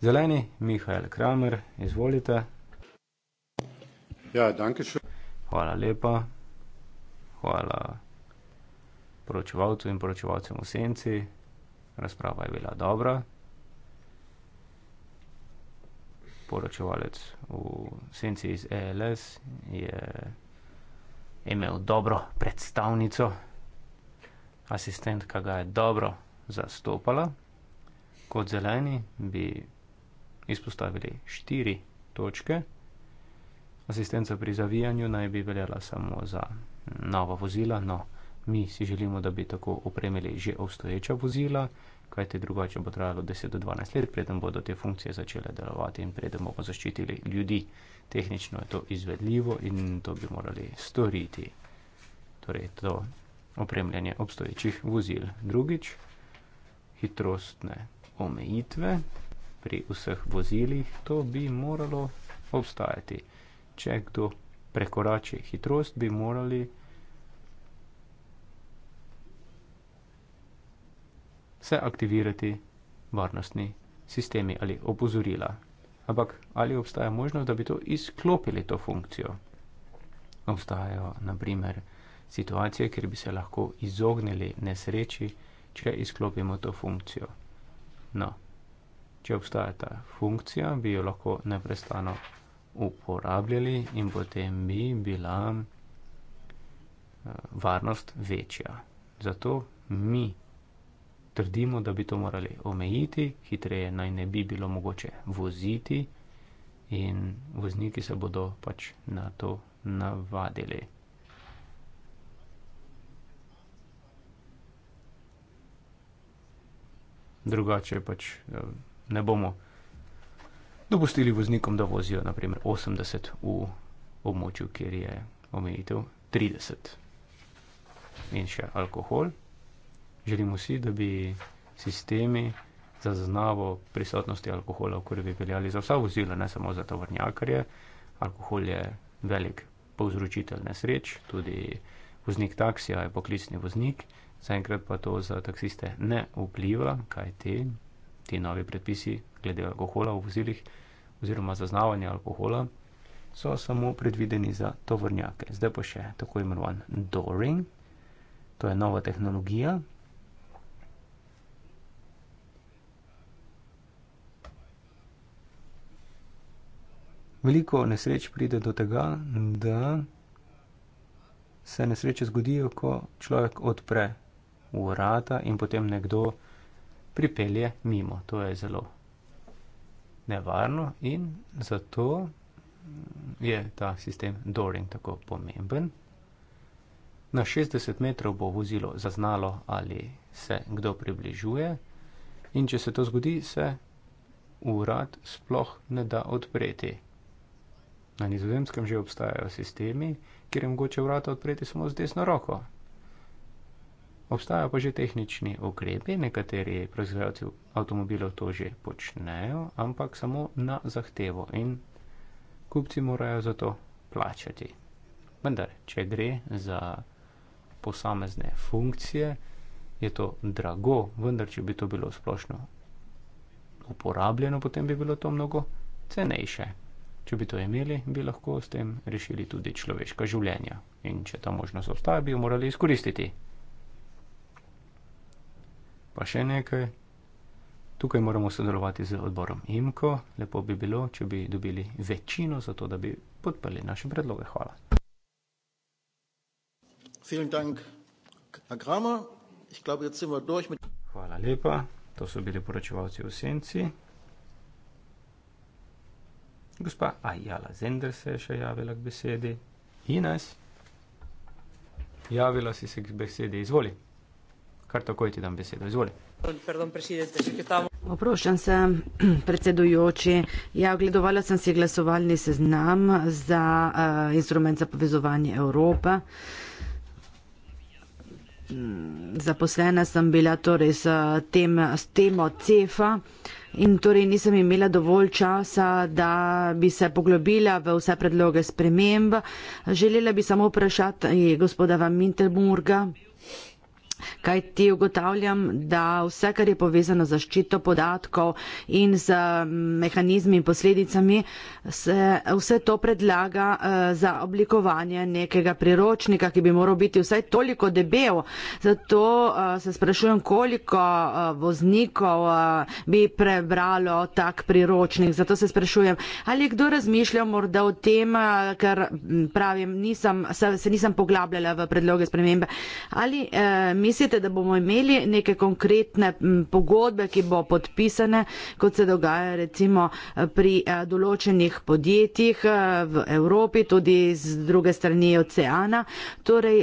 Zeleni, Mihajl Kramer, izvolite. Ja, danke še. Hvala lepa. Hvala poročevalcu in poročevalcem v senci. Razprava je bila dobra. Poročevalec v senci iz ELS je imel dobro predstavnico, asistentka ga je dobro zastopala. Kot zeleni bi izpostavili štiri točke. Asistenca pri zavijanju naj bi veljala samo za nova vozila, no, Mi si želimo, da bi tako opremili že obstoječa vozila, kajte drugače bo trajalo 10 do 12 let, preden bodo te funkcije začele delovati in preden bomo zaščitili ljudi. Tehnično je to izvedljivo in to bi morali storiti. Torej, to opremljanje obstoječih vozil. Drugič, hitrostne omejitve pri vseh vozilih, to bi moralo obstajati. Če kdo prekorači hitrost, bi morali se aktivirati varnostni sistemi ali opozorila. Ampak ali obstaja možnost, da bi to izklopili to funkcijo? Obstajajo naprimer situacije, kjer bi se lahko izognili nesreči, če izklopimo to funkcijo. No, če obstaja ta funkcija, bi jo lahko neprestano uporabljali in potem bi bila eh, varnost večja. Zato mi trdimo, da bi to morali omejiti, hitreje naj ne bi bilo mogoče voziti in vozniki se bodo pač na to navadili. Drugače pač eh, ne bomo dopustili voznikom, da vozijo naprimer 80 v območju, kjer je omejitev 30 in še alkohol. Želimo si, da bi sistemi za zaznavo prisotnosti alkohola v krvi veljali za vsa vozila, ne samo za tovrnjakarje. Alkohol je velik povzročitelj nesreč, tudi voznik taksija je poklicni voznik, zaenkrat pa to za taksiste ne vpliva, kaj ti, ti novi predpisi glede alkohola v vozilih oziroma zaznavanja alkohola so samo predvideni za tovrnjake. Zdaj pa še tako imenovan Doring, to je nova tehnologija, Veliko nesreč pride do tega, da se nesreče zgodijo, ko človek odpre vrata in potem nekdo pripelje mimo. To je zelo nevarno in zato je ta sistem Doring tako pomemben. Na 60 metrov bo vozilo zaznalo, ali se kdo približuje in če se to zgodi, se urad sploh ne da odpreti. Na nizozemskem že obstajajo sistemi, kjer je mogoče vrata odpreti samo z desno roko. Obstajajo pa že tehnični ukrepi, nekateri proizvajalci avtomobilov to že počnejo, ampak samo na zahtevo in kupci morajo za to plačati. Vendar, če gre za posamezne funkcije, je to drago, vendar, če bi to bilo splošno uporabljeno, potem bi bilo to mnogo cenejše. Če bi to imeli, bi lahko s tem rešili tudi človeška življenja. In če ta možnost obstaja, bi jo morali izkoristiti. Pa še nekaj. Tukaj moramo sodelovati z odborom IMKO. Lepo bi bilo, če bi dobili večino za to, da bi podprli naše predloge. Hvala. Hvala lepa. To so bili poročevalci v senci. Gospa Ajala Zender se je še javila k besedi. Ines, javila si se k besedi, izvoli. Kar takoj ti dam besedo, izvoli. Oprošam se, <clears throat> predsedujoči. Ja, ogledovala sem si glasovalni seznam za uh, instrument za povezovanje Evrope. Mm, zaposlena sem bila torej s tem, temo CEFA. Uh, in torej nisem imela dovolj časa, da bi se poglobila v vse predloge sprememb. Želela bi samo vprašati gospoda Van Minterburga, kaj ti ugotavljam, da vse, kar je povezano z zaščito podatkov in z mm, mehanizmi in posledicami, se vse to predlaga eh, za oblikovanje nekega priročnika, ki bi moral biti vsaj toliko debel. Zato eh, se sprašujem, koliko eh, voznikov bi prebralo tak priročnik. Zato se sprašujem, ali kdo razmišlja morda o tem, ker mm, pravim, nisem, se, se nisem poglabljala v predloge spremembe. Ali, eh, mislite, da bomo imeli neke konkretne pogodbe, ki bo podpisane, kot se dogaja recimo eh, pri eh, določenih podjetjih eh, v Evropi, tudi z druge strani oceana? Torej,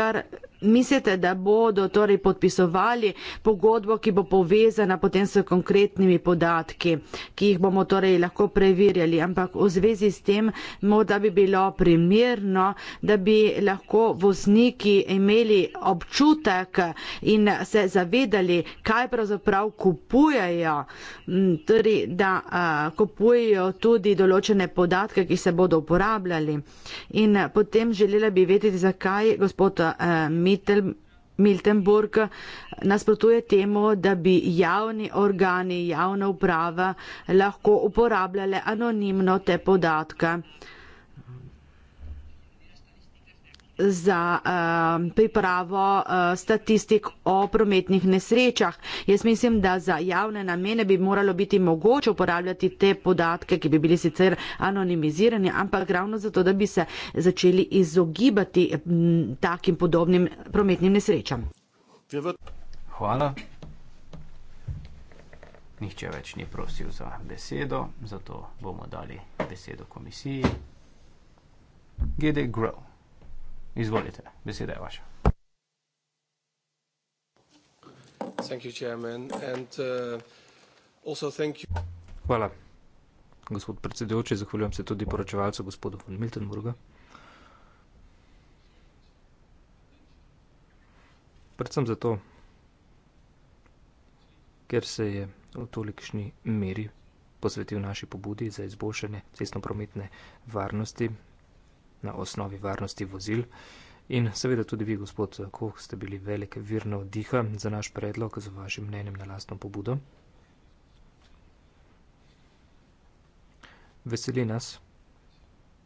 kar mislite, da bodo torej podpisovali pogodbo, ki bo povezana potem s konkretnimi podatki, ki jih bomo torej lahko preverjali, ampak v zvezi s tem morda bi bilo primirno, da bi lahko vozniki imeli občutek in se zavedali, kaj pravzaprav kupujejo, mm, torej da a, kupujejo tudi določene podatke, ki se bodo uporabljali. In potem želela bi vedeti, zakaj gospod a, Mitel, Miltenburg nasprotuje temu, da bi javni organi, javna uprava lahko uporabljale anonimno te podatke za um, pripravo uh, statistik o prometnih nesrečah. Jaz mislim, da za javne namene bi moralo biti mogoče uporabljati te podatke, ki bi bili sicer anonimizirani, ampak ravno zato, da bi se začeli izogibati m, takim podobnim prometnim nesrečam. Hvala. Nihče več ni prosil za besedo, zato bomo dali besedo komisiji. Gede grow. Izvolite, beseda je vaša. Uh, Hvala, gospod predsedujoči. Zahvaljujem se tudi poročevalcu, gospodu von Miltenburgu. Predvsem zato, ker se je v tolikšni meri posvetil naši pobudi za izboljšanje cestno-prometne varnosti na osnovi varnosti vozil. In seveda tudi vi, gospod Koh, ste bili velike virno diha za naš predlog, za vašim mnenjem na lastno pobudo. Veseli nas,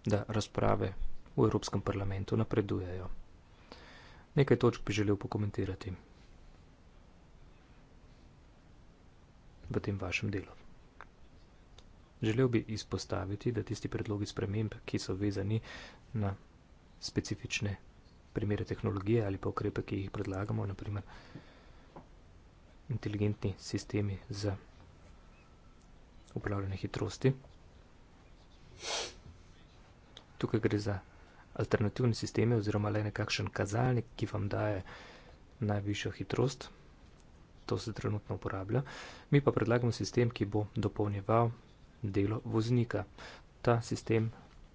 da razprave v Evropskem parlamentu napredujejo. Nekaj točk bi želel pokomentirati v tem vašem delu. Želel bi izpostaviti, da tisti predlogi sprememb, ki so vezani na specifične primere tehnologije ali pa ukrepe, ki jih predlagamo, naprimer inteligentni sistemi za upravljanje hitrosti. Tukaj gre za alternativne sisteme oziroma le nekakšen kazalnik, ki vam daje najvišjo hitrost. To se trenutno uporablja. Mi pa predlagamo sistem, ki bo dopolnjeval delo voznika. Ta sistem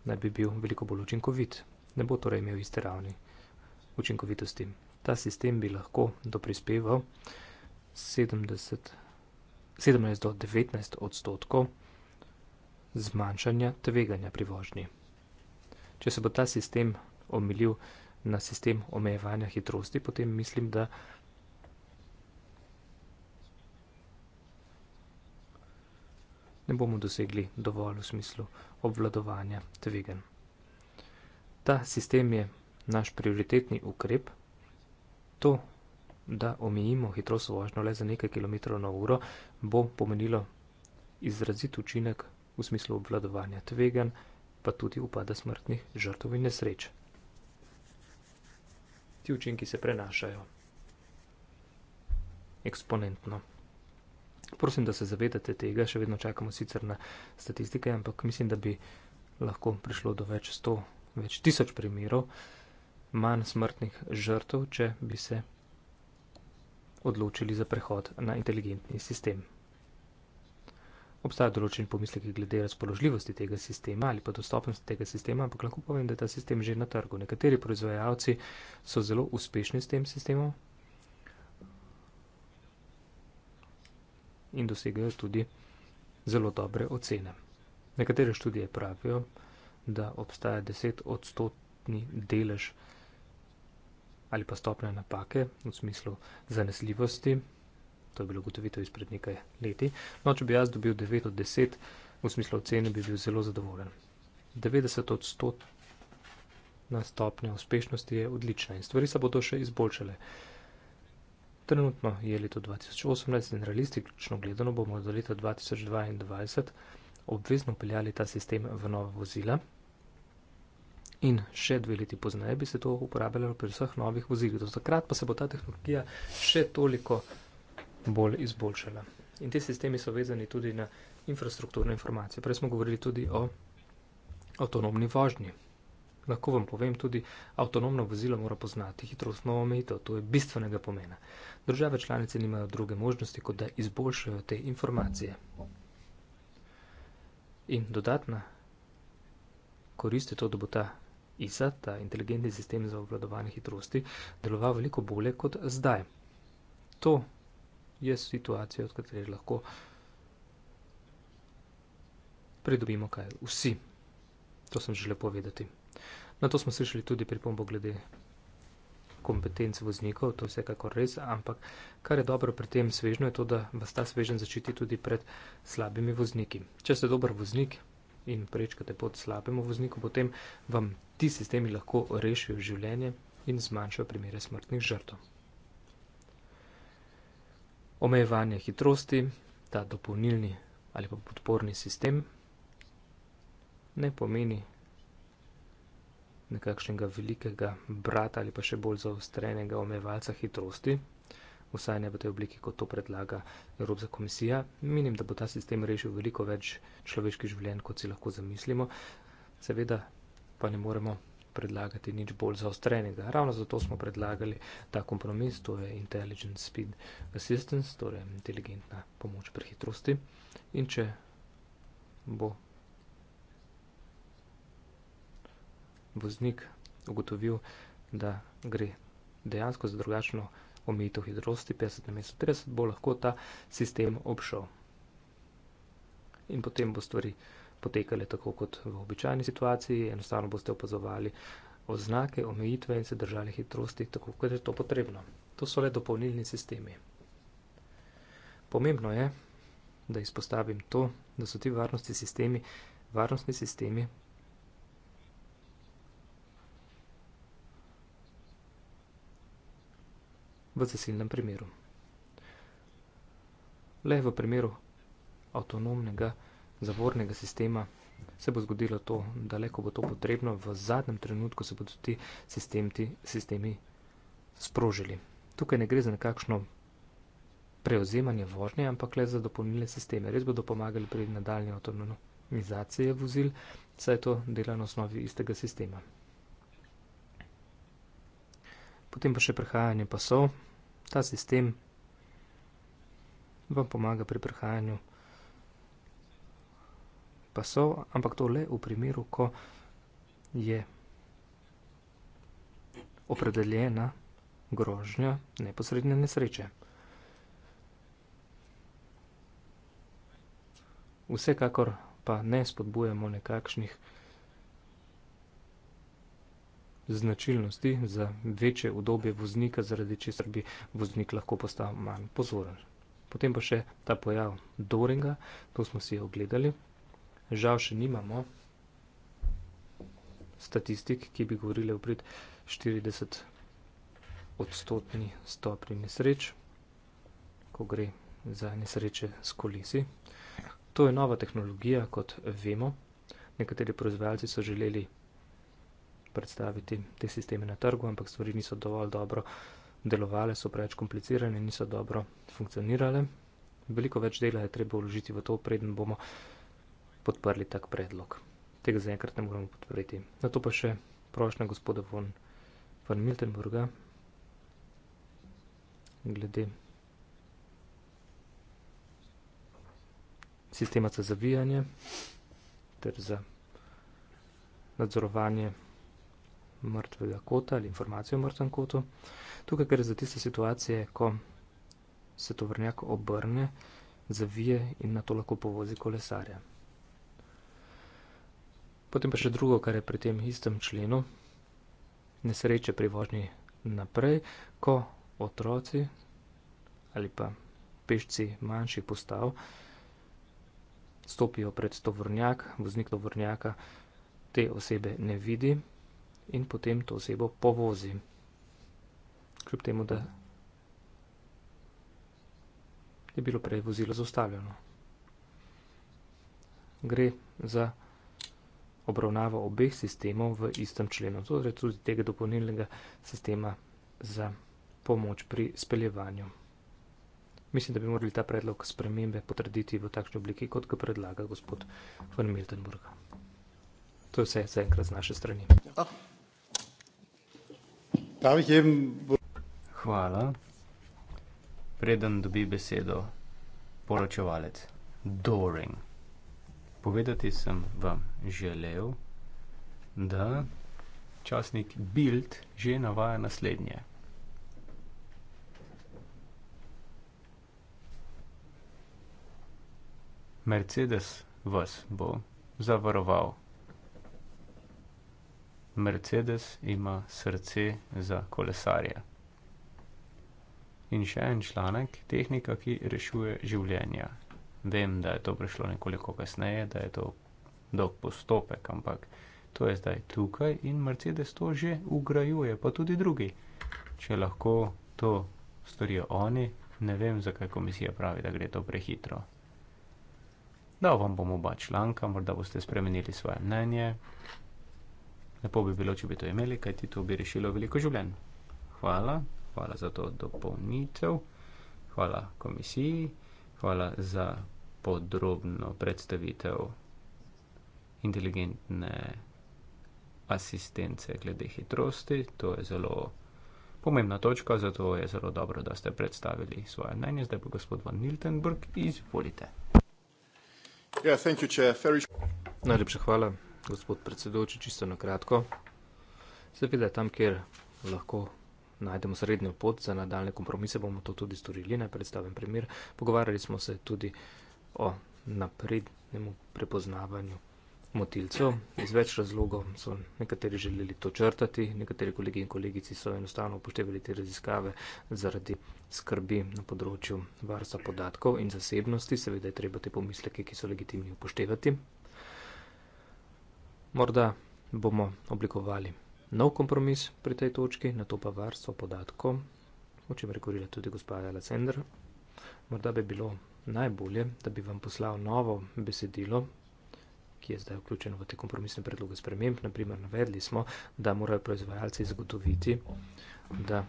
naj bi bil veliko bolj učinkovit, ne bo torej imel iste ravni učinkovitosti. Ta sistem bi lahko doprispeval 70, 17 do 19 odstotkov zmanjšanja tveganja pri vožnji. Če se bo ta sistem omilil na sistem omejevanja hitrosti, potem mislim, da ne bomo dosegli dovolj v smislu obvladovanja tvegan. Ta sistem je naš prioritetni ukrep. To, da omejimo hitrost vožnje le za nekaj km na uro, bo pomenilo izrazit učinek v smislu obvladovanja tvegan, pa tudi upada smrtnih žrtov in nesreč. Ti učinki se prenašajo eksponentno prosim, da se zavedate tega, še vedno čakamo sicer na statistike, ampak mislim, da bi lahko prišlo do več sto, več tisoč primerov manj smrtnih žrtev, če bi se odločili za prehod na inteligentni sistem. Obstaja določen pomislek glede razpoložljivosti tega sistema ali pa dostopnosti tega sistema, ampak lahko povem, da je ta sistem že na trgu. Nekateri proizvajalci so zelo uspešni s tem sistemom, in dosegajo tudi zelo dobre ocene. Nekatere študije pravijo, da obstaja 10 odstotni delež ali pa stopnja napake v smislu zanesljivosti. To je bilo gotovitev izpred nekaj leti. No, če bi jaz dobil 9 od 10 v smislu ocene, bi bil zelo zadovoljen. 90 odstotna stopnja uspešnosti je odlična in stvari se bodo še izboljšale. Trenutno je leto 2018 in realistično gledano bomo do leta 2022 obvezno peljali ta sistem v nove vozila. In še dve leti pozneje bi se to uporabljalo pri vseh novih vozilih. Do takrat pa se bo ta tehnologija še toliko bolj izboljšala. In te sistemi so vezani tudi na infrastrukturne informacije. Prej smo govorili tudi o avtonomni vožnji lahko vam povem, tudi avtonomno vozilo mora poznati hitrostno omejitev, to je bistvenega pomena. Države članice nimajo druge možnosti, kot da izboljšajo te informacije. In dodatna korist je to, da bo ta ISA, ta inteligentni sistem za obvladovanje hitrosti, deloval veliko bolje kot zdaj. To je situacija, od katere lahko pridobimo kaj vsi. To sem želel povedati. Na to smo slišali tudi pripombo glede kompetenc voznikov, to je vsekakor res, ampak kar je dobro pri tem svežnju je to, da vas ta svežen začiti tudi pred slabimi vozniki. Če ste dober voznik in prečkate pod slabemu vozniku, potem vam ti sistemi lahko rešijo življenje in zmanjšajo primere smrtnih žrtov. Omejevanje hitrosti, ta dopolnilni ali pa podporni sistem, ne pomeni nekakšnega velikega brata ali pa še bolj zaostrenega omejevalca hitrosti, vsaj ne v tej obliki, kot to predlaga Evropska komisija. Menim, da bo ta sistem rešil veliko več človeških življenj, kot si lahko zamislimo. Seveda pa ne moremo predlagati nič bolj zaostrenega. Ravno zato smo predlagali ta kompromis, to je Intelligent Speed Assistance, torej inteligentna pomoč pri hitrosti. In če bo voznik ugotovil, da gre dejansko za drugačno omejitev hitrosti 50 na 30, bo lahko ta sistem obšel. In potem bo stvari potekale tako kot v običajni situaciji, enostavno boste opazovali oznake, omejitve in se držali hitrosti tako, kot je to potrebno. To so le dopolnilni sistemi. Pomembno je, da izpostavim to, da so ti varnostni sistemi, varnostni sistemi v zasilnem primeru. Le v primeru avtonomnega zavornega sistema se bo zgodilo to, da le ko bo to potrebno, v zadnjem trenutku se bodo ti sistem, ti sistemi sprožili. Tukaj ne gre za nekakšno preozemanje vožnje, ampak le za dopolnilne sisteme. Res bodo pomagali pri nadaljni avtonomizaciji vozil, saj je to delo na osnovi istega sistema. Potem pa še prehajanje pasov ta sistem vam pomaga pri prehajanju pasov, ampak to le v primeru, ko je opredeljena grožnja neposredne nesreče. Vsekakor pa ne spodbujamo nekakšnih nekakšnih značilnosti za večje udobje voznika, zaradi česar bi voznik lahko postal manj pozoren. Potem pa še ta pojav Doringa, to smo si ogledali. Žal še nimamo statistik, ki bi govorile v prid 40 odstotni stopni nesreč, ko gre za nesreče s kolesi. To je nova tehnologija, kot vemo. Nekateri proizvajalci so želeli predstaviti te sisteme na trgu, ampak stvari niso dovolj dobro delovale, so preveč komplicirane, niso dobro funkcionirale. Veliko več dela je treba vložiti v to, preden bomo podprli tak predlog. Tega zaenkrat ne moremo podpreti. Zato pa še prošnja gospoda von, von Miltenburga glede sistema za zavijanje ter za nadzorovanje mrtvega kota ali informacijo o mrtvem kotu. Tukaj gre za tiste situacije, ko se tovrnjak obrne, zavije in na to lahko povozi kolesarja. Potem pa še drugo, kar je pri tem istem členu, nesreče pri vožnji naprej, ko otroci ali pa pešci manjših postav stopijo pred tovrnjak, voznik tovrnjaka te osebe ne vidi, in potem to osebo povozi. Kljub temu, da je bilo prej vozilo zaustavljeno. Gre za obravnavo obeh sistemov v istem členu, torej tudi tega dopolnilnega sistema za pomoč pri speljevanju. Mislim, da bi morali ta predlog spremembe potrditi v takšni obliki, kot ga predlaga gospod von Miltenburg. To je vse za enkrat z naše strani. Ja. Hvala. Preden dobi besedo poročevalec Doring. Povedati sem vam želel, da časnik Bild že navaja naslednje. Mercedes vas bo zavaroval. Mercedes ima srce za kolesarje. In še en članek, tehnika, ki rešuje življenja. Vem, da je to prišlo nekoliko kasneje, da je to dolg postopek, ampak to je zdaj tukaj in Mercedes to že ugrajuje, pa tudi drugi. Če lahko to storijo oni, ne vem, zakaj komisija pravi, da gre to prehitro. Dal vam bom oba članka, morda boste spremenili svoje mnenje. Lepo bi bilo, če bi to imeli, kaj ti to bi rešilo veliko življenj. Hvala, hvala za to dopolnitev, hvala komisiji, hvala za podrobno predstavitev inteligentne asistence glede hitrosti. To je zelo pomembna točka, zato je zelo dobro, da ste predstavili svoje mnenje. Zdaj pa gospod Van Niltenburg, izvolite. Yeah, thank you, chair. Very... Najlepša hvala gospod predsedoči, čisto na kratko. Seveda tam, kjer lahko najdemo srednjo pot za nadaljne kompromise, bomo to tudi storili. Naj predstavim primer. Pogovarjali smo se tudi o naprednem prepoznavanju motilcev. Iz več razlogov so nekateri želeli to črtati, nekateri kolegi in kolegici so enostavno upoštevali te raziskave zaradi skrbi na področju varstva podatkov in zasebnosti. Seveda je treba te pomisleke, ki so legitimni, upoštevati. Morda bomo oblikovali nov kompromis pri tej točki, na to pa varstvo podatkov, o čem je govorila tudi gospodina Lacender. Morda bi bilo najbolje, da bi vam poslal novo besedilo, ki je zdaj vključeno v te kompromisne predloge sprememb. Naprimer, navedli smo, da morajo proizvajalci zagotoviti, da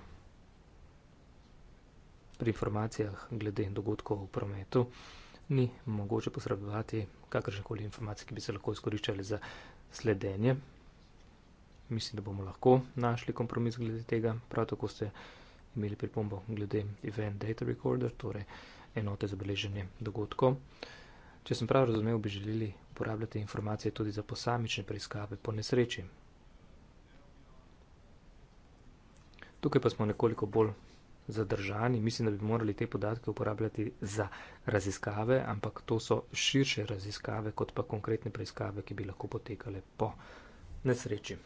pri informacijah glede dogodkov v prometu ni mogoče posredovati kakršnekoli informacije, ki bi se lahko izkoriščali za sledenje. Mislim, da bomo lahko našli kompromis glede tega. Prav tako ste imeli pripombo glede Event Data Recorder, torej enote za beleženje dogodkov. Če sem prav razumel, bi želeli uporabljati informacije tudi za posamične preiskave po nesreči. Tukaj pa smo nekoliko bolj zadržani. Mislim, da bi morali te podatke uporabljati za raziskave, ampak to so širše raziskave, kot pa konkretne preiskave, ki bi lahko potekale po nesreči.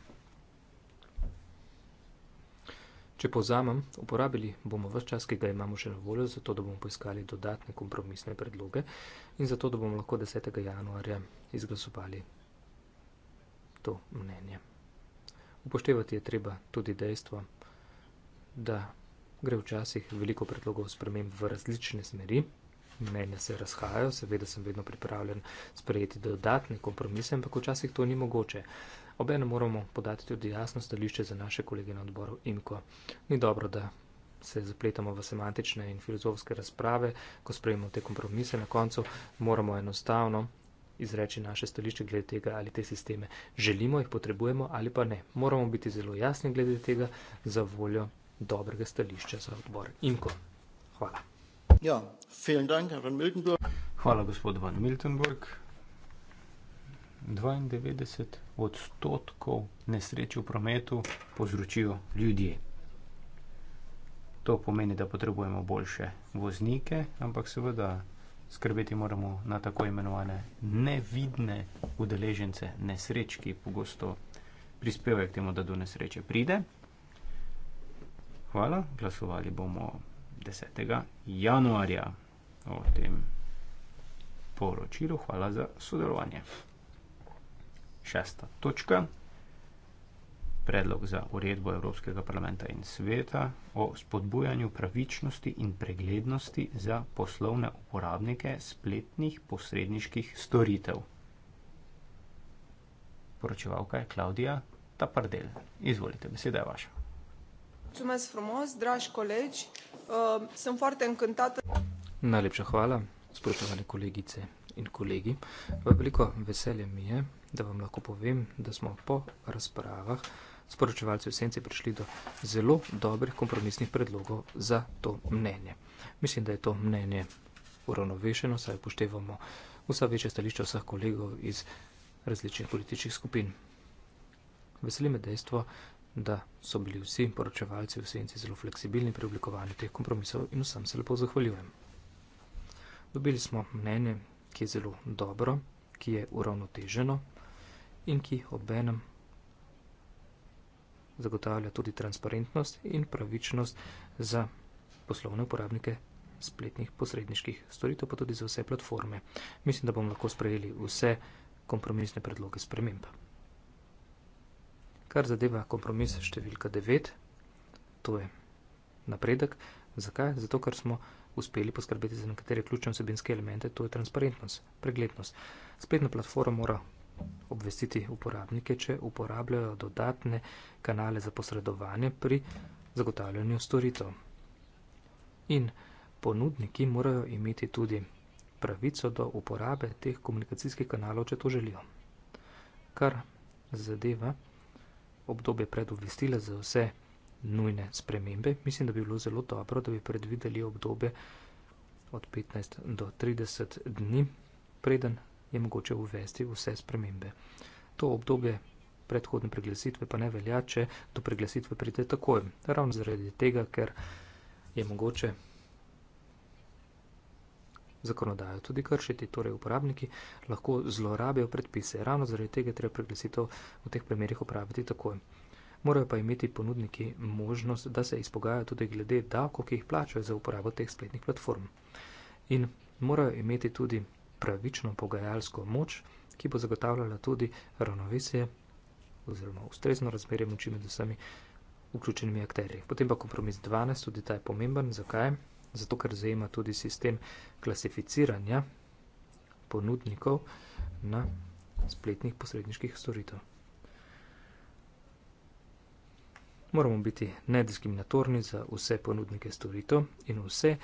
Če povzamem, uporabili bomo vse čas, ki ga imamo še na voljo, zato da bomo poiskali dodatne kompromisne predloge in zato da bomo lahko 10. januarja izglasovali to mnenje. Upoštevati je treba tudi dejstvo, da gre včasih veliko predlogov sprememb v različne smeri, mnenja se razhajajo, seveda sem vedno pripravljen sprejeti dodatne kompromise, ampak včasih to ni mogoče. Obenem moramo podati tudi jasno stališče za naše kolege na odboru IMKO. Ni dobro, da se zapletamo v semantične in filozofske razprave, ko sprejemamo te kompromise, na koncu moramo enostavno izreči naše stališče glede tega, ali te sisteme želimo, jih potrebujemo ali pa ne. Moramo biti zelo jasni glede tega za voljo dobrega stališča za odbor IMKO. Hvala. Ja, dank, Hvala, gospod Van Miltenburg. 92 odstotkov nesreč v prometu povzročijo ljudje. To pomeni, da potrebujemo boljše voznike, ampak seveda skrbeti moramo na tako imenovane nevidne udeležence nesreč, ki pogosto prispevajo k temu, da do nesreče pride hvala. Glasovali bomo 10. januarja o tem poročilu. Hvala za sodelovanje. Šesta točka. Predlog za uredbo Evropskega parlamenta in sveta o spodbujanju pravičnosti in preglednosti za poslovne uporabnike spletnih posredniških storitev. Poročevalka je Klaudija Tapardel. Izvolite, beseda je vaša. Mulțumesc frumos, dragi colegi. Uh, sunt foarte încântată. Najlepša hvala, spoštovane kolegice in kolegi. V veliko veselje mi je, da vam lahko povem, da smo po razpravah sporočevalci v senci prišli do zelo dobrih kompromisnih predlogov za to mnenje. Mislim, da je to mnenje uravnovešeno, saj upoštevamo vsa večja stališča vseh kolegov iz različnih političnih skupin. Veseli me dejstvo, da so bili vsi poročevalci v senci zelo fleksibilni pri oblikovanju teh kompromisov in vsem se lepo zahvaljujem. Dobili smo mnenje, ki je zelo dobro, ki je uravnoteženo in ki obenem zagotavlja tudi transparentnost in pravičnost za poslovne uporabnike spletnih posredniških storitev, pa tudi za vse platforme. Mislim, da bomo lahko sprejeli vse kompromisne predloge sprememb. Kar zadeva kompromis številka 9, to je napredek. Zakaj? Zato, ker smo uspeli poskrbeti za nekatere ključne osebinske elemente, to je transparentnost, preglednost. Spletna platforma mora obvestiti uporabnike, če uporabljajo dodatne kanale za posredovanje pri zagotavljanju storitev. In ponudniki morajo imeti tudi pravico do uporabe teh komunikacijskih kanalov, če to želijo. Kar zadeva obdobje pred obvestile za vse nujne spremembe. Mislim, da bi bilo zelo dobro, da bi predvideli obdobje od 15 do 30 dni, preden je mogoče uvesti vse spremembe. To obdobje predhodne preglasitve pa ne velja, če do preglasitve pride takoj. Ravno zaradi tega, ker je mogoče zakonodajo tudi kršiti, torej uporabniki lahko zlorabijo predpise. Ravno zaradi tega treba preglasitev v teh primerjih upraviti takoj. Morajo pa imeti ponudniki možnost, da se izpogajajo tudi glede davko, ki jih plačajo za uporabo teh spletnih platform. In morajo imeti tudi pravično pogajalsko moč, ki bo zagotavljala tudi ravnovesje oziroma ustrezno razmerje moči med vsemi vključenimi akterji. Potem pa kompromis 12, tudi ta je pomemben. Zakaj? zato ker zajema tudi sistem klasificiranja ponudnikov na spletnih posredniških storitev. Moramo biti nediskriminatorni za vse ponudnike storitev in vse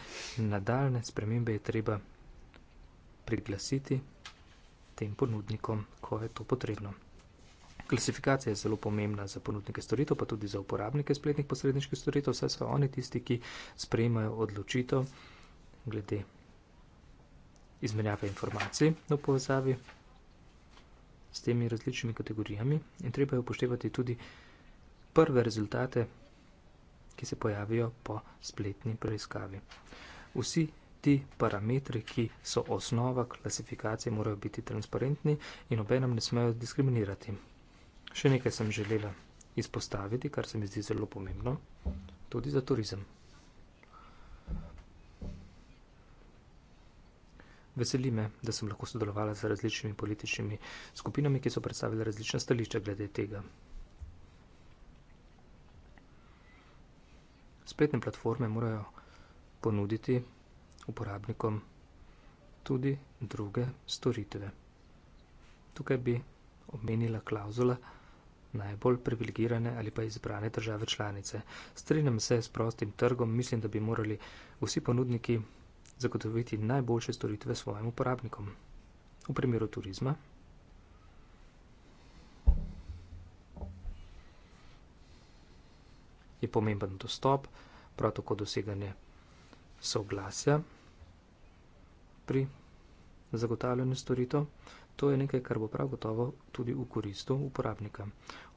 nadaljne spremembe je treba priglasiti tem ponudnikom, ko je to potrebno. Klasifikacija je zelo pomembna za ponudnike storitev, pa tudi za uporabnike spletnih posredniških storitev, saj so oni tisti, ki sprejmajo odločitev glede izmenjave informacij v povezavi s temi različnimi kategorijami in treba je upoštevati tudi prve rezultate, ki se pojavijo po spletni preiskavi. Vsi ti parametri, ki so osnova klasifikacije, morajo biti transparentni in obenem ne smejo diskriminirati. Še nekaj sem želela izpostaviti, kar se mi zdi zelo pomembno, tudi za turizem. Veseli me, da sem lahko sodelovala z različnimi političnimi skupinami, ki so predstavile različna stališča glede tega. Spletne platforme morajo ponuditi uporabnikom tudi druge storitve. Tukaj bi omenila klauzula, da najbolj privilegirane ali pa izbrane države članice. Strinjam se s prostim trgom, mislim, da bi morali vsi ponudniki zagotoviti najboljše storitve svojim uporabnikom. V primeru turizma. Je pomemben dostop, prav tako doseganje soglasja pri zagotavljanju storitev. To je nekaj, kar bo prav gotovo tudi v koristu uporabnika.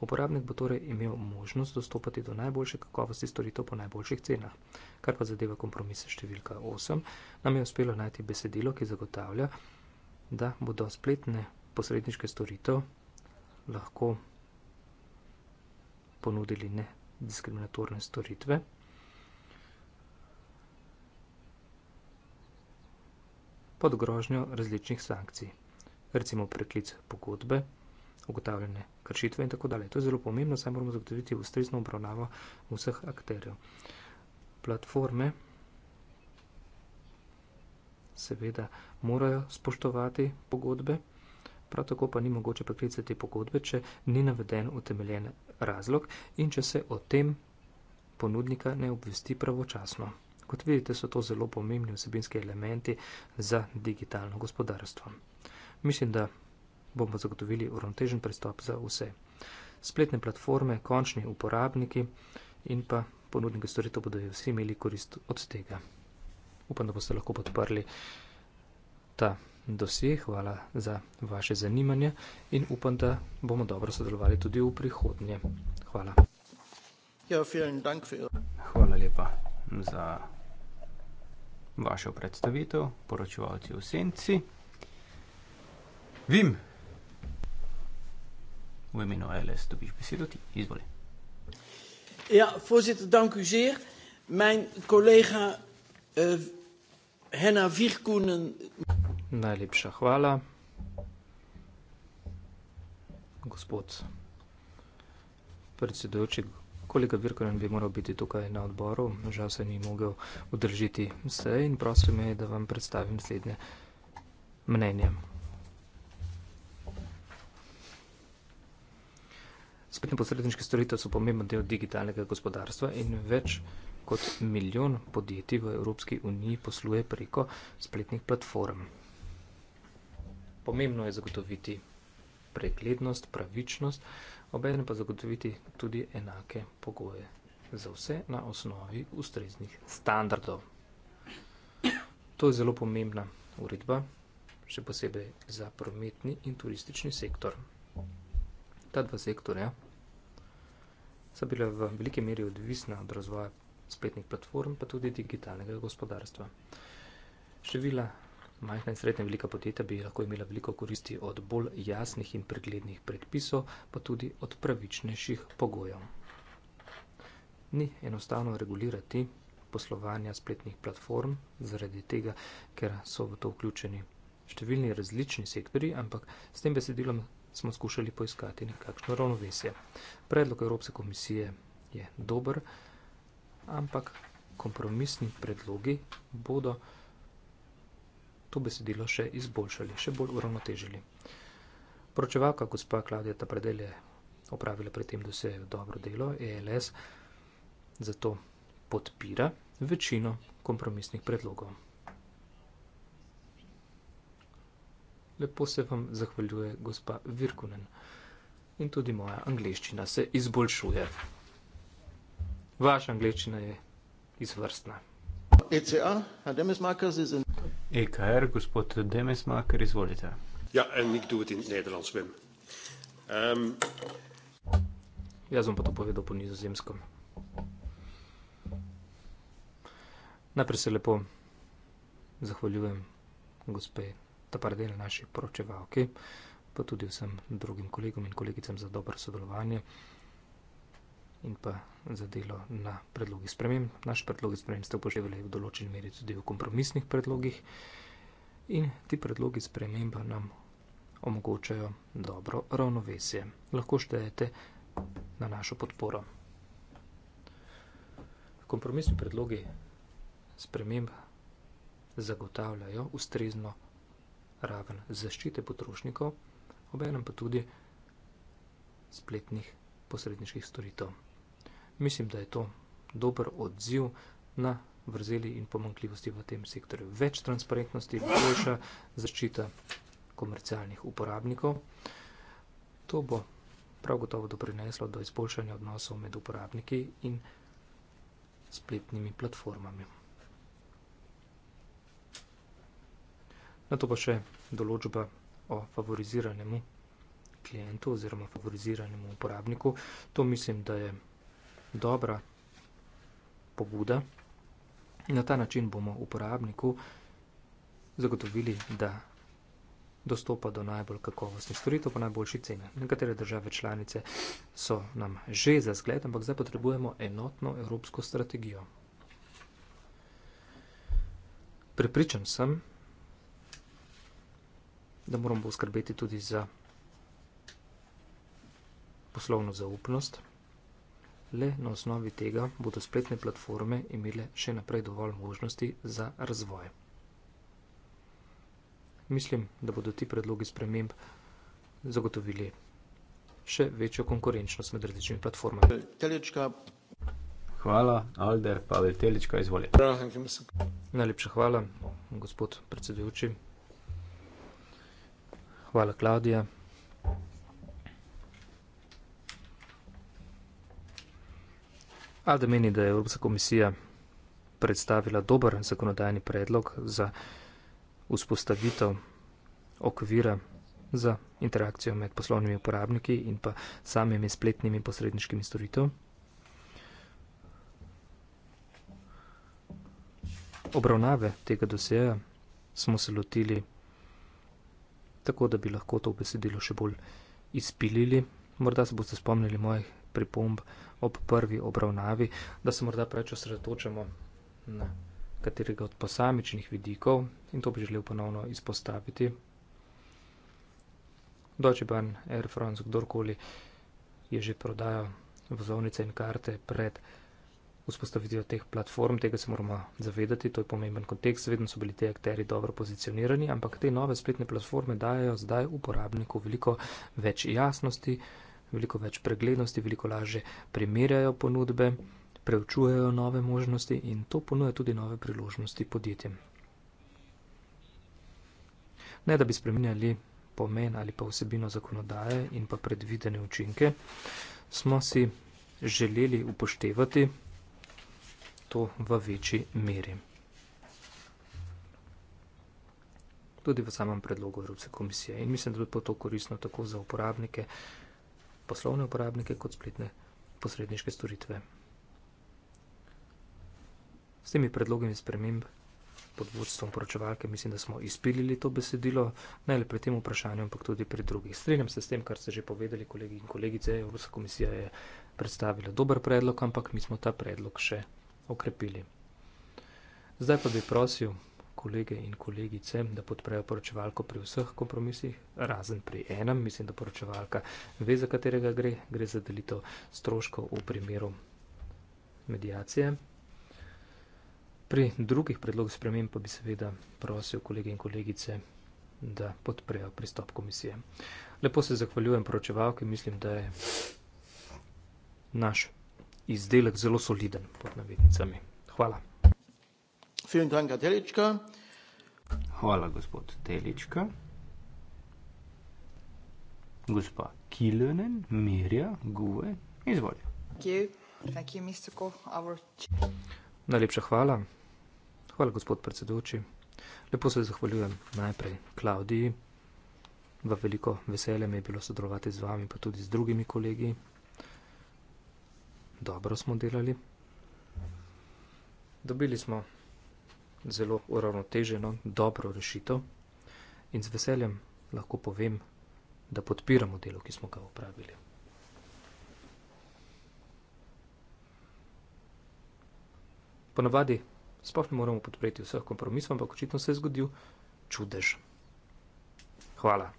Uporabnik bo torej imel možnost dostopati do najboljše kakovosti storitev po najboljših cenah. Kar pa zadeva kompromise številka 8, nam je uspelo najti besedilo, ki zagotavlja, da bodo spletne posredniške storitev lahko ponudili nediskriminatorne storitve. pod grožnjo različnih sankcij recimo preklic pogodbe, ugotavljene kršitve in tako dalje. To je zelo pomembno, saj moramo zagotoviti ustrezno obravnavo vseh akterjev. Platforme seveda morajo spoštovati pogodbe, prav tako pa ni mogoče preklicati pogodbe, če ni naveden utemeljen razlog in če se o tem ponudnika ne obvesti pravočasno. Kot vidite, so to zelo pomembni vsebinski elementi za digitalno gospodarstvo. Mislim, da bomo zagotovili uravnotežen pristop za vse. Spletne platforme, končni uporabniki in pa ponudniki storitev bodo vsi imeli korist od tega. Upam, da boste lahko podprli ta dosje. Hvala za vaše zanimanje in upam, da bomo dobro sodelovali tudi v prihodnje. Hvala. Ja, Hvala lepa za vašo predstavitev, poročevalci v senci. Vim. V imenu LS dobiš besedo ti, izvoli. Ja, voorzitter, dank u zeer. Mijn collega uh, Henna Virkoenen. Najlepša hvala. Gospod predsedujoči, kolega Virkoenen bi moral biti tukaj na odboru, žal se ni mogel udržiti vse in prosim me, da vam predstavim slednje mnenje Spletne posredniške storitve so pomemben del digitalnega gospodarstva in več kot milijon podjetij v Evropski uniji posluje preko spletnih platform. Pomembno je zagotoviti preglednost, pravičnost, obenem pa zagotoviti tudi enake pogoje za vse na osnovi ustreznih standardov. To je zelo pomembna uredba, še posebej za prometni in turistični sektor. Ta dva sektorja. Ja so bile v veliki meri odvisne od razvoja spletnih platform, pa tudi digitalnega gospodarstva. Števila majhna in srednja velika podjetja bi lahko imela veliko koristi od bolj jasnih in preglednih predpisov, pa tudi od pravičnejših pogojev. Ni enostavno regulirati poslovanja spletnih platform, zaradi tega, ker so v to vključeni številni različni sektori, ampak s tem besedilom smo skušali poiskati nekakšno ravnovesje. Predlog Evropske komisije je dober, ampak kompromisni predlogi bodo to besedilo še izboljšali, še bolj uravnotežili. Pročevalka gospa Klaudija Tapredel je opravila pri tem, da se je dobro delo, ELS zato podpira večino kompromisnih predlogov. Lepo se vam zahvaljuje, gospa Virkunen. In tudi moja angliščina se izboljšuje. Vaša angliščina je izvrstna. EKR, e gospod Demesmaker, izvolite. Ja, um... Jaz bom pa to povedal po nizozemskem. Najprej se lepo zahvaljujem gospe dobrodelni naši poročevalki, pa tudi vsem drugim kolegom in kolegicam za dobro sodelovanje in pa za delo na predlogih sprememb. Naš predlog sprememb ste upoštevali v določeni meri tudi v kompromisnih predlogih in ti predlogi sprememb nam omogočajo dobro ravnovesje. Lahko štejete na našo podporo. Kompromisni predlogi sprememb zagotavljajo ustrezno raven zaščite potrošnikov, obenem pa tudi spletnih posredniških storitev. Mislim, da je to dober odziv na vrzeli in pomankljivosti v tem sektorju. Več transparentnosti, boljša zaščita komercialnih uporabnikov. To bo prav gotovo doprineslo do izboljšanja odnosov med uporabniki in spletnimi platformami. Na to pa še določba o favoriziranemu klientu oziroma favoriziranemu uporabniku. To mislim, da je dobra pobuda. Na ta način bomo uporabniku zagotovili, da dostopa do najbolj kakovostnih storitev po najboljši ceni. Nekatere države članice so nam že za zgled, ampak zdaj potrebujemo enotno evropsko strategijo. Prepričan sem, da moramo poskrbeti tudi za poslovno zaupnost. Le na osnovi tega bodo spletne platforme imele še naprej dovolj možnosti za razvoj. Mislim, da bodo ti predlogi sprememb zagotovili še večjo konkurenčnost med različnimi platformami. Telečka. Hvala, Alder, Pavel Telička, izvolite. Najlepša hvala, gospod predsedujoči. Hvala, Klaudija. Alde meni, da je Evropska komisija predstavila dober zakonodajni predlog za vzpostavitev okvira za interakcijo med poslovnimi uporabniki in pa samimi spletnimi posredniškimi storitev. Obravnave tega doseja smo se lotili tako da bi lahko to besedilo še bolj izpilili. Morda se boste spomnili mojih pripomb ob prvi obravnavi, da se morda preveč osredotočamo na katerega od posamičnih vidikov in to bi želel ponovno izpostaviti. Deutsche Bahn, Air France, kdorkoli je že prodajal vozovnice in karte pred vzpostavitvijo teh platform, tega se moramo zavedati, to je pomemben kontekst, vedno so bili ti akteri dobro pozicionirani, ampak te nove spletne platforme dajo zdaj uporabniku veliko več jasnosti, veliko več preglednosti, veliko lažje primerjajo ponudbe, preučujejo nove možnosti in to ponuja tudi nove priložnosti podjetjem. Ne da bi spremenjali pomen ali pa vsebino zakonodaje in pa predvidene učinke, smo si želeli upoštevati, to v večji meri. Tudi v samem predlogu Evropske komisije. In mislim, da bi bilo to koristno tako za uporabnike, poslovne uporabnike, kot spletne posredniške storitve. S temi predlogami sprememb pod vodstvom poročevalke mislim, da smo izpilili to besedilo, ne le pri tem vprašanju, ampak tudi pri drugih. Strenjam se s tem, kar ste že povedali, kolegi in kolegice, Evropska komisija je predstavila dober predlog, ampak mi smo ta predlog še okrepili. Zdaj pa bi prosil kolege in kolegice, da podprejo poročevalko pri vseh kompromisih, razen pri enem. Mislim, da poročevalka ve, za katerega gre. Gre za delitev stroškov v primeru medijacije. Pri drugih predlogih sprememb pa bi seveda prosil kolege in kolegice, da podprejo pristop komisije. Lepo se zahvaljujem poročevalki, mislim, da je naš izdelek zelo soliden pod navednicami. Hvala. Vielen Dank, Herr Telička. Hvala, gospod Telička. Gospa Kilönen, Mirja, Guve, izvolite. Thank you, Mr. Our... Najlepša hvala. Hvala, gospod predsedujoči. Lepo se zahvaljujem najprej Klaudiji. V veliko veselje mi je bilo sodelovati z vami, pa tudi z drugimi kolegi dobro smo delali. Dobili smo zelo uravnoteženo, dobro rešitev in z veseljem lahko povem, da podpiramo delo, ki smo ga upravili. Ponavadi sploh ne moramo podpreti vseh kompromisov, ampak očitno se je zgodil čudež. Hvala.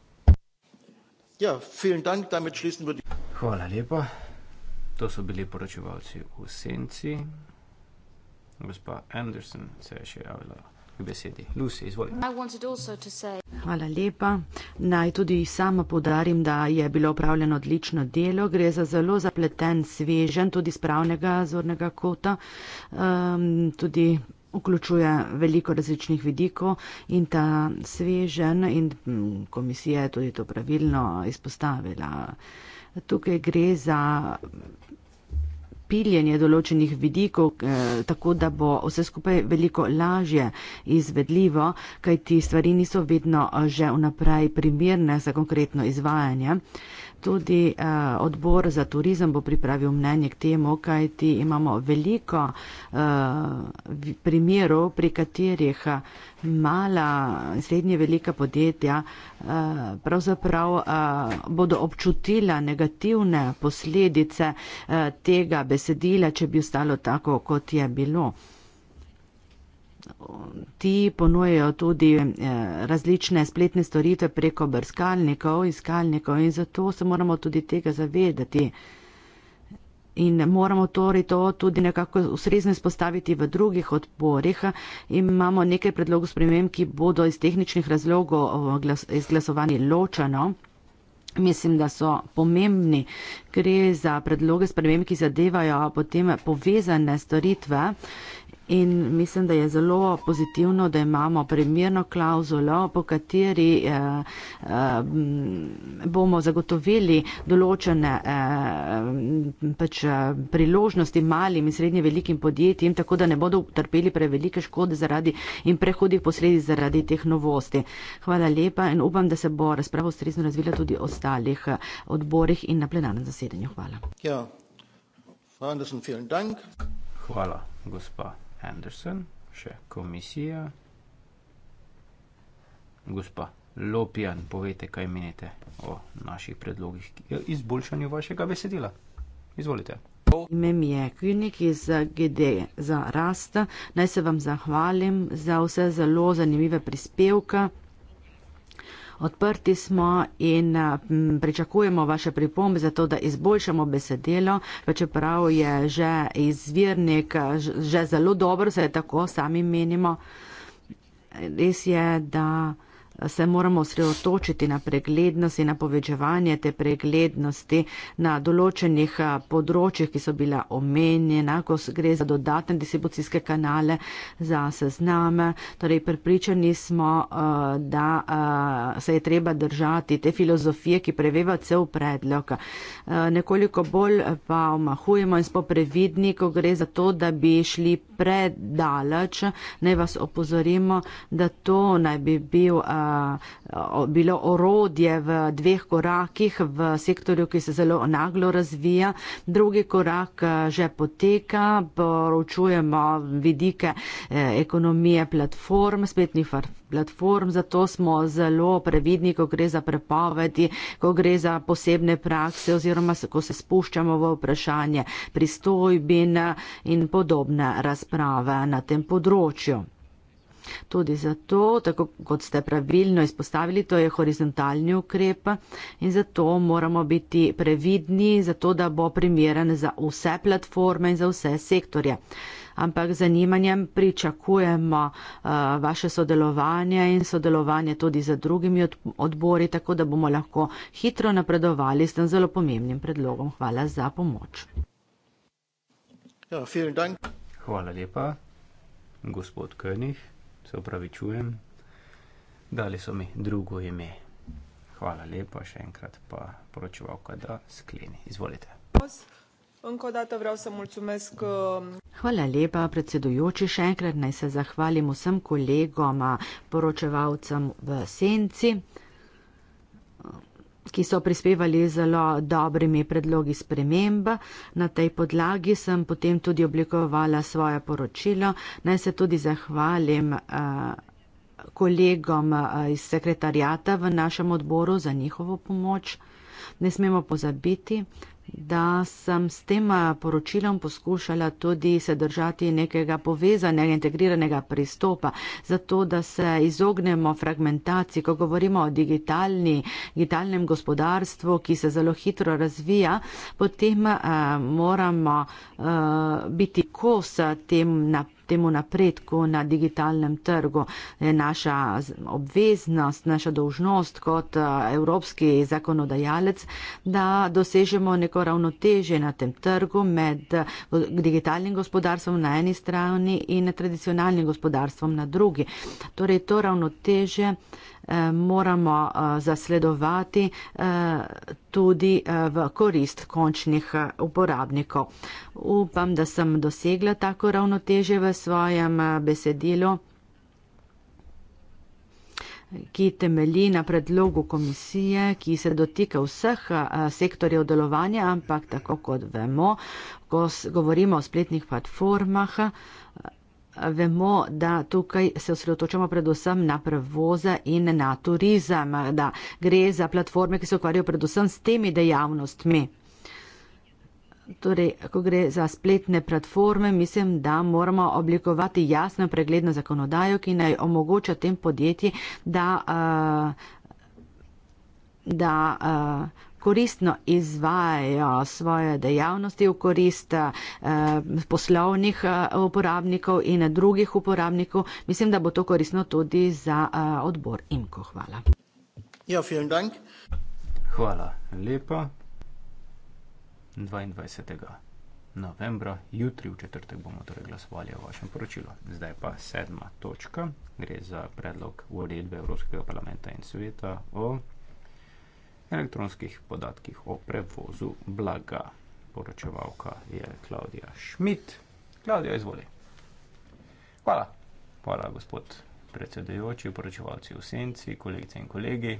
Ja, vielen Dank, damit schließen wir die. Hvala lepa. To so bili poročevalci v senci. Gospa Anderson se je še javila k besedi. Lucy, izvolite. Say... Hvala lepa. Naj tudi sama podarim, da je bilo upravljeno odlično delo. Gre za zelo zapleten, svežen, tudi spravnega zornega kota. Um, tudi vključuje veliko različnih vidikov in ta svežen in mm, komisija je tudi to pravilno izpostavila tukaj gre za piljenje določenih vidikov, eh, tako da bo vse skupaj veliko lažje izvedljivo, kajti stvari niso vedno eh, že vnaprej primirne za konkretno izvajanje tudi uh, odbor za turizem bo pripravil mnenje k temu, kajti imamo veliko uh, primerov, pri katerih eh, mala in srednje velika podjetja uh, pravzaprav uh, bodo občutila negativne posledice uh, tega besedila, če bi ostalo tako, kot je bilo. Ti ponujajo tudi eh, različne spletne storitve preko brskalnikov, iskalnikov in zato se moramo tudi tega zavedati. In moramo torej to tudi nekako ustrezno izpostaviti v drugih odporih. Imamo nekaj predlogov sprememb, ki bodo iz tehničnih razlogov eh, izglasovani ločeno. Mislim, da so pomembni. Gre za predloge sprememb, ki zadevajo potem povezane storitve In mislim, da je zelo pozitivno, da imamo primerno klauzulo, po kateri eh, eh, bomo zagotovili določene eh, pač, eh, priložnosti malim in srednje velikim podjetjem, tako da ne bodo utrpeli prevelike škode zaradi in prehodih posledic zaradi teh novosti. Hvala lepa in upam, da se bo razprava ustrezno razvila tudi ostalih eh, odborih in na plenarnem zasedanju. Hvala. Ja. Hvala, gospa. Anderson, še komisija. Gospa Lopijan, povete, kaj menite o naših predlogih eh, izboljšanju vašega besedila. Izvolite. Ime mi je Klinik iz eh, GD za rasta. Naj se vam zahvalim za vse zelo zanimive prispevke. Odprti smo in eh, pričakujemo vaše pripombe za to, da izboljšamo besedilo, pa čeprav je že izvirnik eh, že zelo dobro, se je tako sami menimo. Res je, da se moramo osredotočiti na preglednosti, na povečevanje te preglednosti na določenih področjih, ki so bila omenjena, ko gre za dodatne distribucijske kanale, za sezname. Torej, pripričani smo, da se je treba držati te filozofije, ki preveva cel predlog. Nekoliko bolj pa omahujemo in smo previdni, ko gre za to, da bi šli predaleč. Naj vas opozorimo, da to naj bi bil bilo orodje v dveh korakih v sektorju, ki se zelo naglo razvija. Drugi korak eh, že poteka, poročujemo vidike eh, ekonomije platform, spletnih platform, zato smo zelo previdni, ko gre za prepovedi, ko gre za posebne prakse oziroma ko se spuščamo v vprašanje pristojbin eh, in podobne razprave na tem področju. Tudi zato, tako kot ste pravilno izpostavili, to je horizontalni ukrep in zato moramo biti previdni, zato da bo primeren za vse platforme in za vse sektorje. Ampak z zanimanjem pričakujemo uh, vaše sodelovanje in sodelovanje tudi z drugimi od, odbori, tako da bomo lahko hitro napredovali s tem zelo pomembnim predlogom. Hvala za pomoč. Ja, Hvala lepa, gospod König se opravičujem. Dali so mi drugo ime. Hvala lepa, še enkrat pa poročevalka, da skleni. Izvolite. Uh, Hvala lepa, predsedujoči. Še enkrat naj se zahvalim vsem kolegom, poročevalcem v senci ki so prispevali zelo dobrimi predlogi sprememb. Na tej podlagi sem potem tudi oblikovala svoje poročilo. Naj se tudi zahvalim eh, kolegom eh, iz sekretarjata v našem odboru za njihovo pomoč. Ne smemo pozabiti, da sem s tem eh, poročilom poskušala tudi se držati nekega povezanega, integriranega pristopa, zato da se izognemo fragmentaciji, ko govorimo o digitalni, digitalnem gospodarstvu, ki se zelo hitro razvija, potem uh, moramo uh, biti kos tem napredom temu napredku na digitalnem trgu. E, naša obveznost, naša dolžnost kot e, evropski zakonodajalec, da dosežemo neko ravnoteže na tem trgu med e, digitalnim gospodarstvom na eni strani in tradicionalnim gospodarstvom na drugi. Torej, to ravnoteže Eh, moramo eh, zasledovati eh, tudi v korist končnih uporabnikov. Upam, da sem dosegla tako ravnoteže v svojem besedilu, ki temelji na predlogu komisije, ki se dotika vseh sektorjev delovanja, ampak tako kot vemo, ko govorimo o spletnih platformah, Vemo, da tukaj se osredotočamo predvsem na prevoze in na turizem, da gre za platforme, ki se ukvarjajo predvsem s temi dejavnostmi. Torej, ko gre za spletne platforme, mislim, da moramo oblikovati jasno pregledno zakonodajo, ki naj omogoča tem podjetjem, da, eh, da, da eh, koristno izvajajo svoje dejavnosti v korist eh, poslovnih eh, uporabnikov in drugih uporabnikov. Mislim, da bo to koristno tudi za eh, odbor IMKO. Hvala. Ja, Hvala lepa. 22. novembra, jutri v četrtek bomo torej glasovali o vašem poročilu. Zdaj pa sedma točka, gre za predlog uredbe Evropskega parlamenta in sveta o elektronskih podatkih o prevozu blaga. Poročevalka je Klaudija Šmit. Klaudija, izvoli. Hvala. Hvala, gospod predsedujoči, poročevalci v senci, kolegice in kolegi.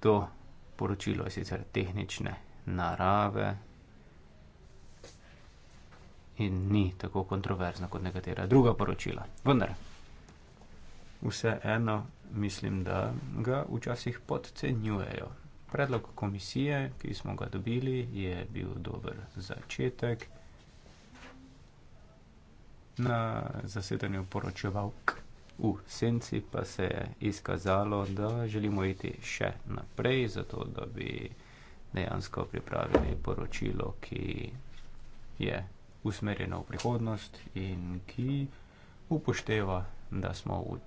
To poročilo je sicer tehnične narave in ni tako kontroverzno kot nekatera druga poročila. Vendar, vseeno mislim, da ga včasih podcenjujejo. Predlog komisije, ki smo ga dobili, je bil dober začetek. Na zasedanju poročeval k v senci, pa se je izkazalo, da želimo iti še naprej, zato da bi dejansko pripravili poročilo, ki je usmerjeno v prihodnost in ki upošteva, da smo v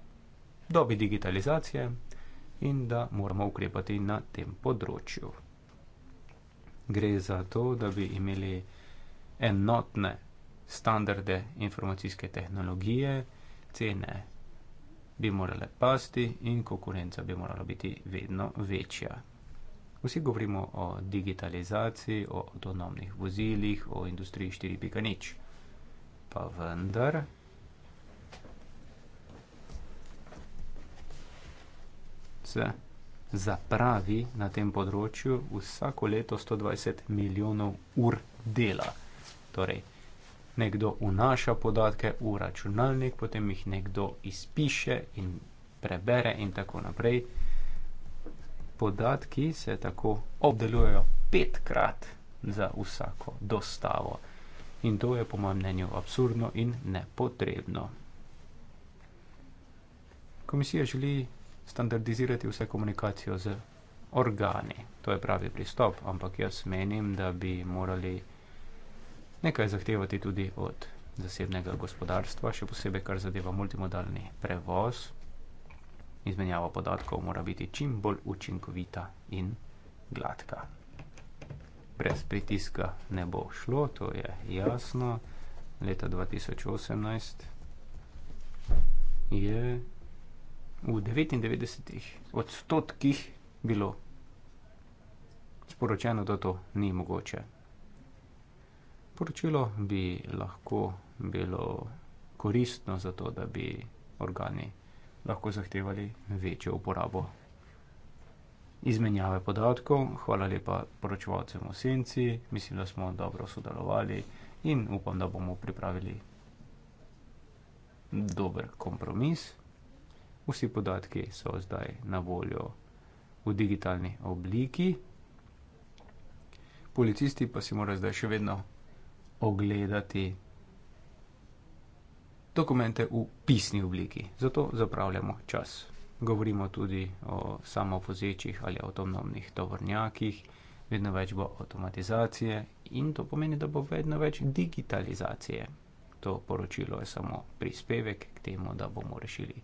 dobi digitalizacije in da moramo ukrepati na tem področju. Gre za to, da bi imeli enotne standarde informacijske tehnologije, cene bi morale pasti in konkurenca bi morala biti vedno večja. Vsi govorimo o digitalizaciji, o avtonomnih vozilih, o industriji 4.0. Pa vendar. se zapravi na tem področju vsako leto 120 milijonov ur dela. Torej, nekdo vnaša podatke v računalnik, potem jih nekdo izpiše in prebere in tako naprej. Podatki se tako obdelujejo petkrat za vsako dostavo. In to je po mojem mnenju absurdno in nepotrebno. Komisija želi standardizirati vse komunikacijo z organi. To je pravi pristop, ampak jaz menim, da bi morali nekaj zahtevati tudi od zasebnega gospodarstva, še posebej kar zadeva multimodalni prevoz. Izmenjava podatkov mora biti čim bolj učinkovita in gladka. Brez pritiska ne bo šlo, to je jasno. Leta 2018 je v 99 odstotkih bilo sporočeno, da to ni mogoče. Poročilo bi lahko bilo koristno za to, da bi organi lahko zahtevali večjo uporabo izmenjave podatkov. Hvala lepa poročevalcem v senci, mislim, da smo dobro sodelovali in upam, da bomo pripravili dober kompromis. Vsi podatki so zdaj na voljo v digitalni obliki. Policisti pa si morajo zdaj še vedno ogledati dokumente v pisni obliki, zato zapravljamo čas. Govorimo tudi o samovozečih ali avtonomnih tovornjakih, vedno več bo avtomatizacije in to pomeni, da bo vedno več digitalizacije. To poročilo je samo prispevek k temu, da bomo rešili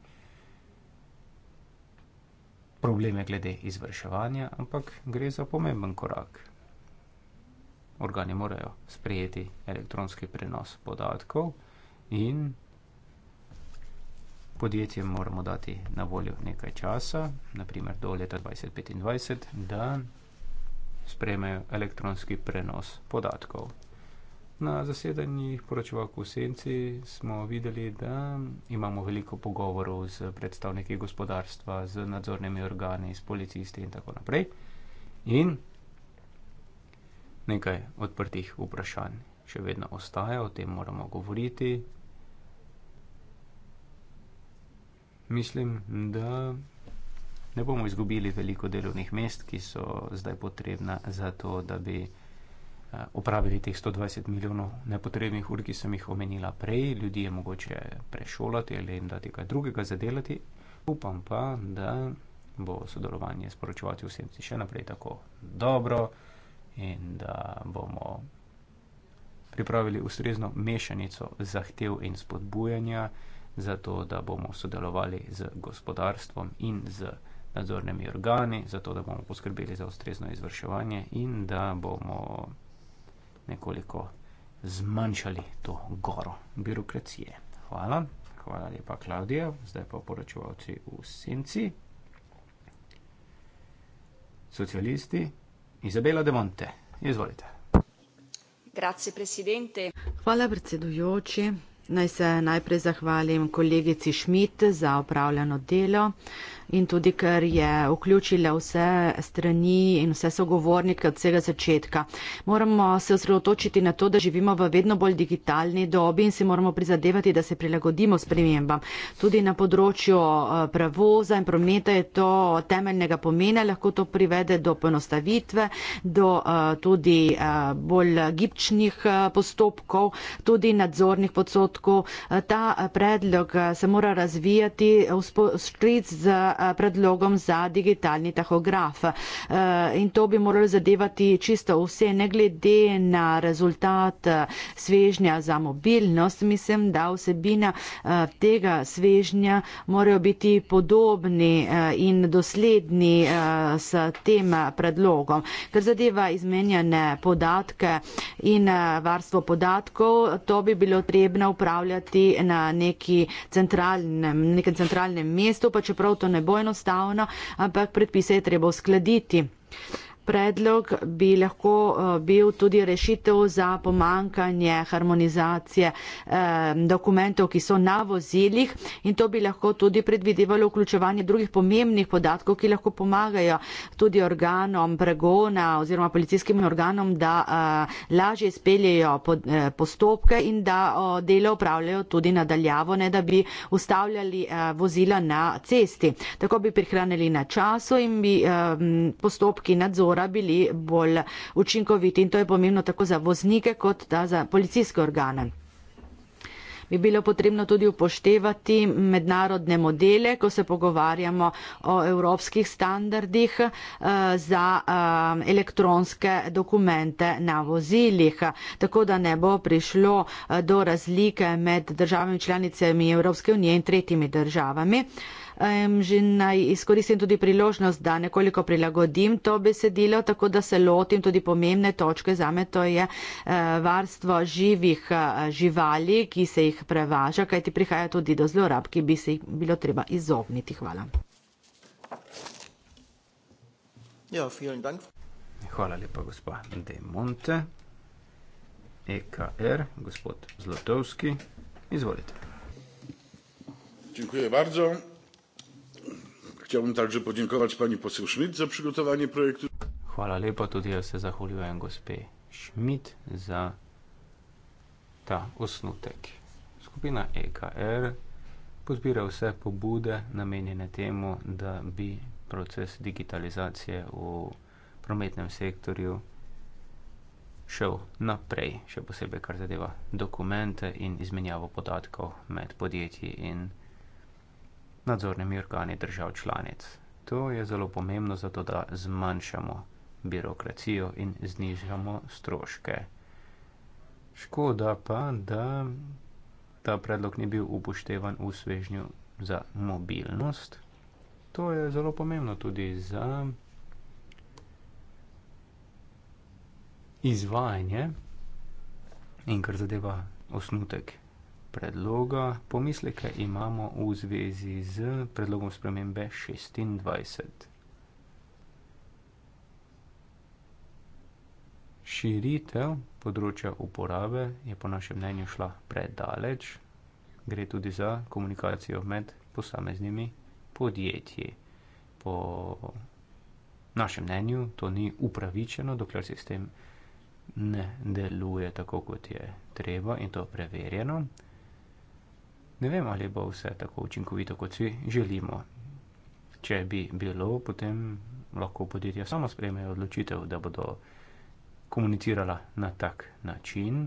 probleme glede izvrševanja, ampak gre za pomemben korak. Organi morajo sprejeti elektronski prenos podatkov in podjetjem moramo dati na voljo nekaj časa, naprimer do leta 2025, da sprejmejo elektronski prenos podatkov. Na zasedanjih poročevalk v Senci smo videli, da imamo veliko pogovorov z predstavniki gospodarstva, z nadzornimi organi, s policisti in tako naprej. In nekaj odprtih vprašanj še vedno ostaja, o tem moramo govoriti. Mislim, da ne bomo izgubili veliko delovnih mest, ki so zdaj potrebna za to, da bi. Eh, opravili teh 120 milijonov nepotrebnih ur, ki sem jih omenila prej, ljudi je mogoče prešolati ali jim dati kaj drugega zadelati. Upam pa, da bo sodelovanje sporočovati vsem si še naprej tako dobro in da bomo pripravili ustrezno mešanico zahtev in spodbujanja, zato da bomo sodelovali z gospodarstvom in z nadzornimi organi, zato da bomo poskrbeli za ustrezno izvrševanje in da bomo nekoliko zmanjšali to goro birokracije. Hvala, hvala lepa, Klaudija, zdaj pa poročevalci v senci. Socialisti, Izabela De Monte, izvolite. Grazie, hvala, predsedujoči. Naj se najprej zahvalim kolegici Šmit za upravljeno delo in tudi, ker je vključila vse strani in vse sogovornike od vsega začetka. Moramo se osredotočiti na to, da živimo v vedno bolj digitalni dobi in si moramo prizadevati, da se prilagodimo spremembam. Tudi na področju eh, prevoza in prometa je to temeljnega pomena, lahko to privede do ponostavitve, do eh, tudi eh, bolj gibčnih postopkov, tudi nadzornih podsotkov trenutku eh, ta eh, predlog eh, se mora razvijati v sklic z predlogom za digitalni tahograf. In to bi moralo zadevati čisto vse, ne glede na rezultat svežnja za mobilnost. Mislim, da vsebina tega svežnja morajo biti podobni in dosledni s tem predlogom. Ker zadeva izmenjane podatke in varstvo podatkov, to bi bilo trebno upraviti opravljati na neki centralnem, nekem centralnem mestu, pa čeprav to ne bo enostavno, ampak predpise je treba uskladiti predlog bi lahko eh, bil tudi rešitev za pomankanje harmonizacije eh, dokumentov, ki so na vozilih in to bi lahko tudi predvidevalo vključevanje drugih pomembnih podatkov, ki lahko pomagajo tudi organom pregona oziroma policijskim organom, da eh, lažje speljejo postopke in da delo upravljajo tudi nadaljavo, ne da bi ustavljali vozila na cesti. Tako bi prihranili na času in bi postopki nadzora uporabili bolj učinkoviti in to je pomembno tako za voznike kot da za policijske organe. Bi bilo potrebno tudi upoštevati mednarodne modele, ko se pogovarjamo o evropskih standardih eh, za eh, elektronske dokumente na vozilih, tako da ne bo prišlo eh, do razlike med državami članicami Evropske unije in tretjimi državami um, že naj izkoristim tudi priložnost, da nekoliko prilagodim to besedilo, tako da se lotim tudi pomembne točke za me, to je uh, varstvo živih uh, živali, ki se jih prevaža, kajti prihaja tudi do zlorab, ki bi se jih bilo treba izogniti. Hvala. Ja, Hvala lepa, gospa De Monte. EKR, er, gospod Zlotovski, izvolite. Dziękuję bardzo. Chciałbym także podziękować pani poseł Schmidt za przygotowanie projektu. Chwała lepa, tutaj ja się zachwaliłem gospie Schmidt za ta osnutek. Skupina EKR pozbira vse pobude namenjene temu, da bi proces digitalizacije v prometnem sektorju šel naprej, še posebej kar zadeva dokumente in izmenjavo podatkov med podjetji in podjetji nadzornimi organi držav članic. To je zelo pomembno, zato da zmanjšamo birokracijo in znižamo stroške. Škoda pa, da ta predlog ni bil upoštevan v svežnju za mobilnost. To je zelo pomembno tudi za izvajanje in kar zadeva osnutek predloga, pomisleke imamo v zvezi z predlogom spremembe 26. Širitev področja uporabe je po našem mnenju šla predaleč. Gre tudi za komunikacijo med posameznimi podjetji. Po našem mnenju to ni upravičeno, dokler sistem ne deluje tako, kot je treba in to preverjeno. Ne vem, ali bo vse tako učinkovito, kot si želimo. Če bi bilo, potem lahko podjetja sama sprejmejo odločitev, da bodo komunicirala na tak način,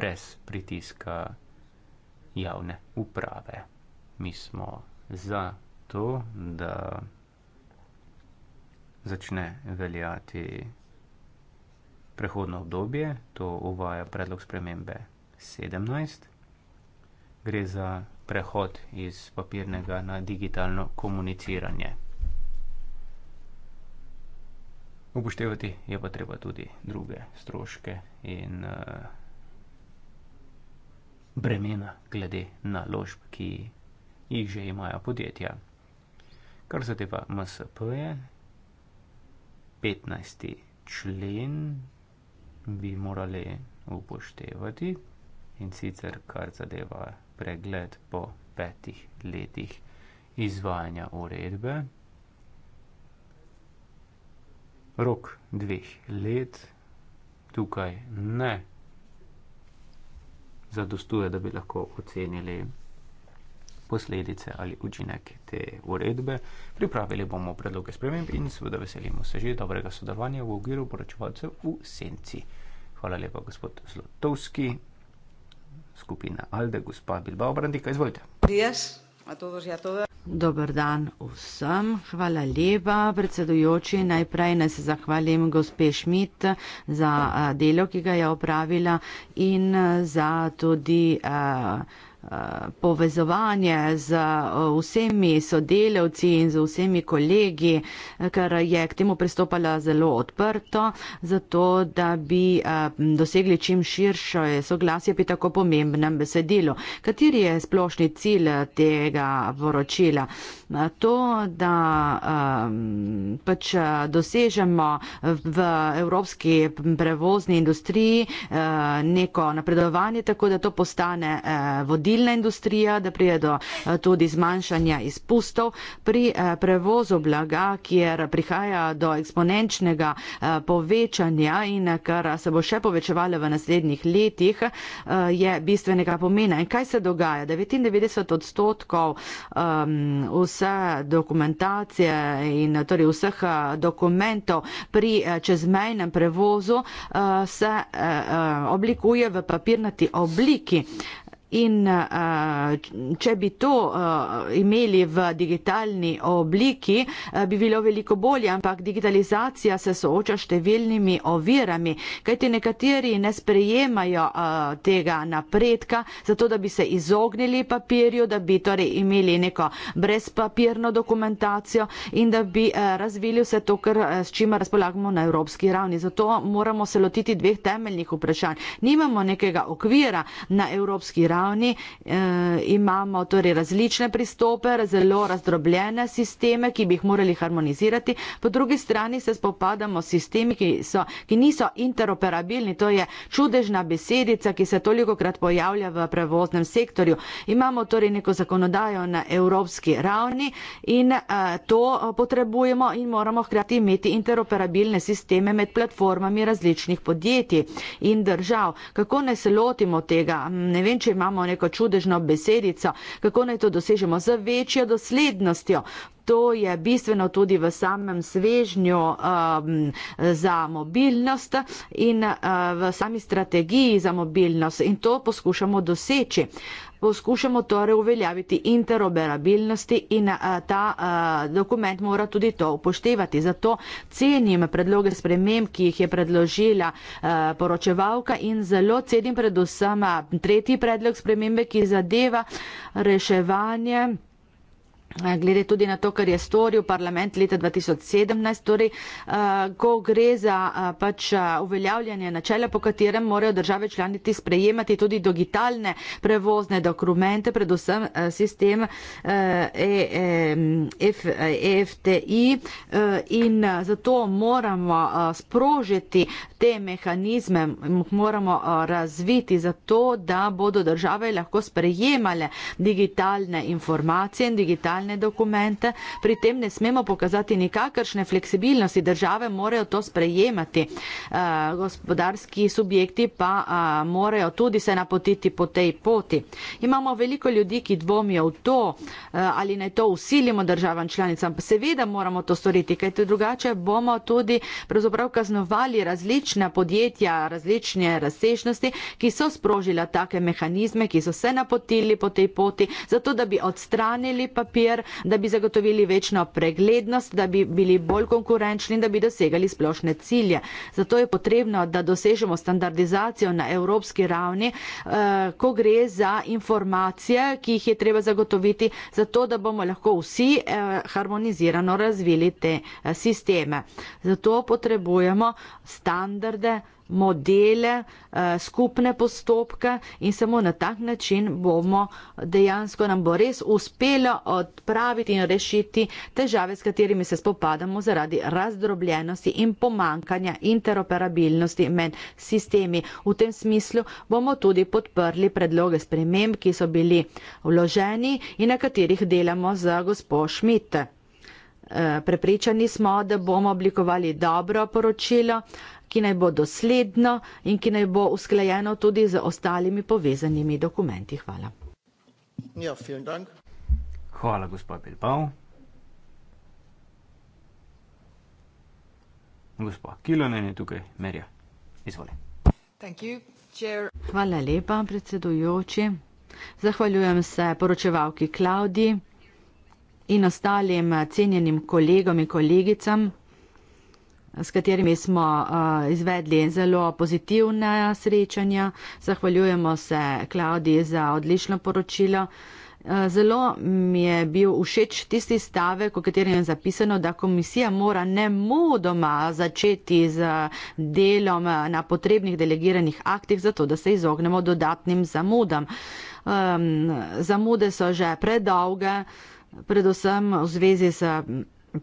brez pritiska javne uprave. Mi smo za to, da začne veljati prehodno obdobje, to uvaja predlog spremembe 17 gre za prehod iz papirnega na digitalno komuniciranje. Upoštevati je pa treba tudi druge stroške in uh, bremena glede naložb, ki jih že imajo podjetja. Kar zadeva MSP, je 15. člen, bi morali upoštevati in sicer kar zadeva pregled po petih letih izvajanja uredbe. Rok dveh let tukaj ne zadostuje, da bi lahko ocenili posledice ali učinek te uredbe. Pripravili bomo predloge sprememb in seveda veselimo se že dobrega sodelovanja v ogiru poročevalcev v Senci. Hvala lepa, gospod Zlotovski skupina Alde, gospa Bilbao Brandika, izvolite. Yes. Dober dan vsem, hvala lepa, predsedujoči. Najprej naj se zahvalim gospe Šmit za eh, delo, ki ga je opravila in eh, za tudi uh, povezovanje z eh, vsemi sodelavci in z vsemi kolegi, eh, ker je k temu pristopala zelo odprto, zato da bi eh, dosegli čim širše soglasje pri tako pomembnem besedilu. Kateri je splošni cilj tega poročila? To, da pač dosežemo v evropski prevozni industriji neko napredovanje, tako da to postane vodilo tekstilna industrija, da prije do eh, tudi zmanjšanja izpustov pri eh, prevozu blaga, kjer prihaja do eksponenčnega eh, povečanja in kar se bo še povečevalo v naslednjih letih, je bistvenega pomena. In kaj se dogaja? 99 odstotkov ehm, vse dokumentacije in torej vseh dokumentov pri čezmejnem prevozu se oblikuje v papirnati obliki. In eh, če bi to eh, imeli v digitalni obliki, eh, bi bilo veliko bolje, ampak digitalizacija se sooča številnimi ovirami, kajti nekateri ne sprejemajo tega napredka, zato da bi se izognili papirju, da bi torej imeli neko brezpapirno dokumentacijo in da bi razvili vse to, kar, s čima razpolagamo na evropski ravni. Zato moramo se lotiti dveh temeljnih vprašanj. Nimamo nekega okvira na evropski ravni, ravni eh, imamo torej različne pristope, zelo razdrobljene sisteme, ki bi jih morali harmonizirati. Po drugi strani se spopadamo s sistemi, ki, so, ki niso interoperabilni. To je čudežna besedica, ki se toliko krat pojavlja v prevoznem sektorju. Imamo torej neko zakonodajo na evropski ravni in eh, to eh, potrebujemo in moramo hkrati imeti interoperabilne sisteme med platformami različnih podjetij in držav. Kako ne se lotimo tega? Ne vem, če imamo imamo neko čudežno besedico, kako naj to dosežemo z večjo doslednostjo to je bistveno tudi v samem svežnju um, za mobilnost in uh, v sami strategiji za mobilnost in to poskušamo doseči. Poskušamo torej uveljaviti interoperabilnosti in a, uh, ta a, uh, dokument mora tudi to upoštevati. Zato cenim predloge sprememb, ki jih je predložila a, uh, poročevalka in zelo cenim predvsem tretji predlog spremembe, ki zadeva reševanje. Glede tudi na to, kar je storil parlament leta 2017, torej, ko gre za pač uveljavljanje načela, po katerem morajo države članiti sprejemati tudi digitalne prevozne dokumente, predvsem sistem EFTI e in zato moramo sprožiti te mehanizme moramo razviti zato, da bodo države lahko sprejemale digitalne informacije in digitalne dokumente. Pri tem ne smemo pokazati nikakršne fleksibilnosti, države morajo to sprejemati. Gospodarski subjekti pa morajo tudi se napotiti po tej poti. Imamo veliko ljudi, ki dvomijo v to, ali naj to usilimo državam članicam. Seveda moramo to storiti, kajte drugače bomo tudi pravzaprav kaznovali različne različna podjetja, različne razsežnosti, ki so sprožila take mehanizme, ki so se napotili po tej poti, zato da bi odstranili papir, da bi zagotovili večno preglednost, da bi bili bolj konkurenčni in da bi dosegali splošne cilje. Zato je potrebno, da dosežemo standardizacijo na evropski ravni, eh, ko gre za informacije, ki jih je treba zagotoviti, zato da bomo lahko vsi eh, harmonizirano razvili te eh, sisteme. Zato potrebujemo standard standarde, modele, eh, skupne postopke in samo na tak način bomo dejansko nam bo res uspelo odpraviti in rešiti težave, s katerimi se spopadamo zaradi razdrobljenosti in pomankanja interoperabilnosti med sistemi. V tem smislu bomo tudi podprli predloge sprememb, ki so bili vloženi in na katerih delamo za gospod Šmit. Eh, prepričani smo, da bomo oblikovali dobro poročilo, ki naj bo dosledno in ki naj bo usklajeno tudi z ostalimi povezanimi dokumenti. Hvala. Ja, dank. Hvala, gospod Bilbao. Gospod Kilonen je tukaj, Merja. Izvoli. Thank you, chair. Hvala lepa, predsedujoči. Zahvaljujem se poročevalki Klaudi in ostalim eh, cenjenim kolegom in kolegicam s katerimi smo eh, izvedli zelo pozitivna srečanja. Zahvaljujemo se Klaudi za odlično poročilo. Eh, zelo mi je bil všeč tisti stavek, v katerem je zapisano, da komisija mora nemudoma začeti z delom na potrebnih delegiranih aktih, zato da se izognemo dodatnim zamudam. Ehm, zamude so že predolge predvsem v zvezi s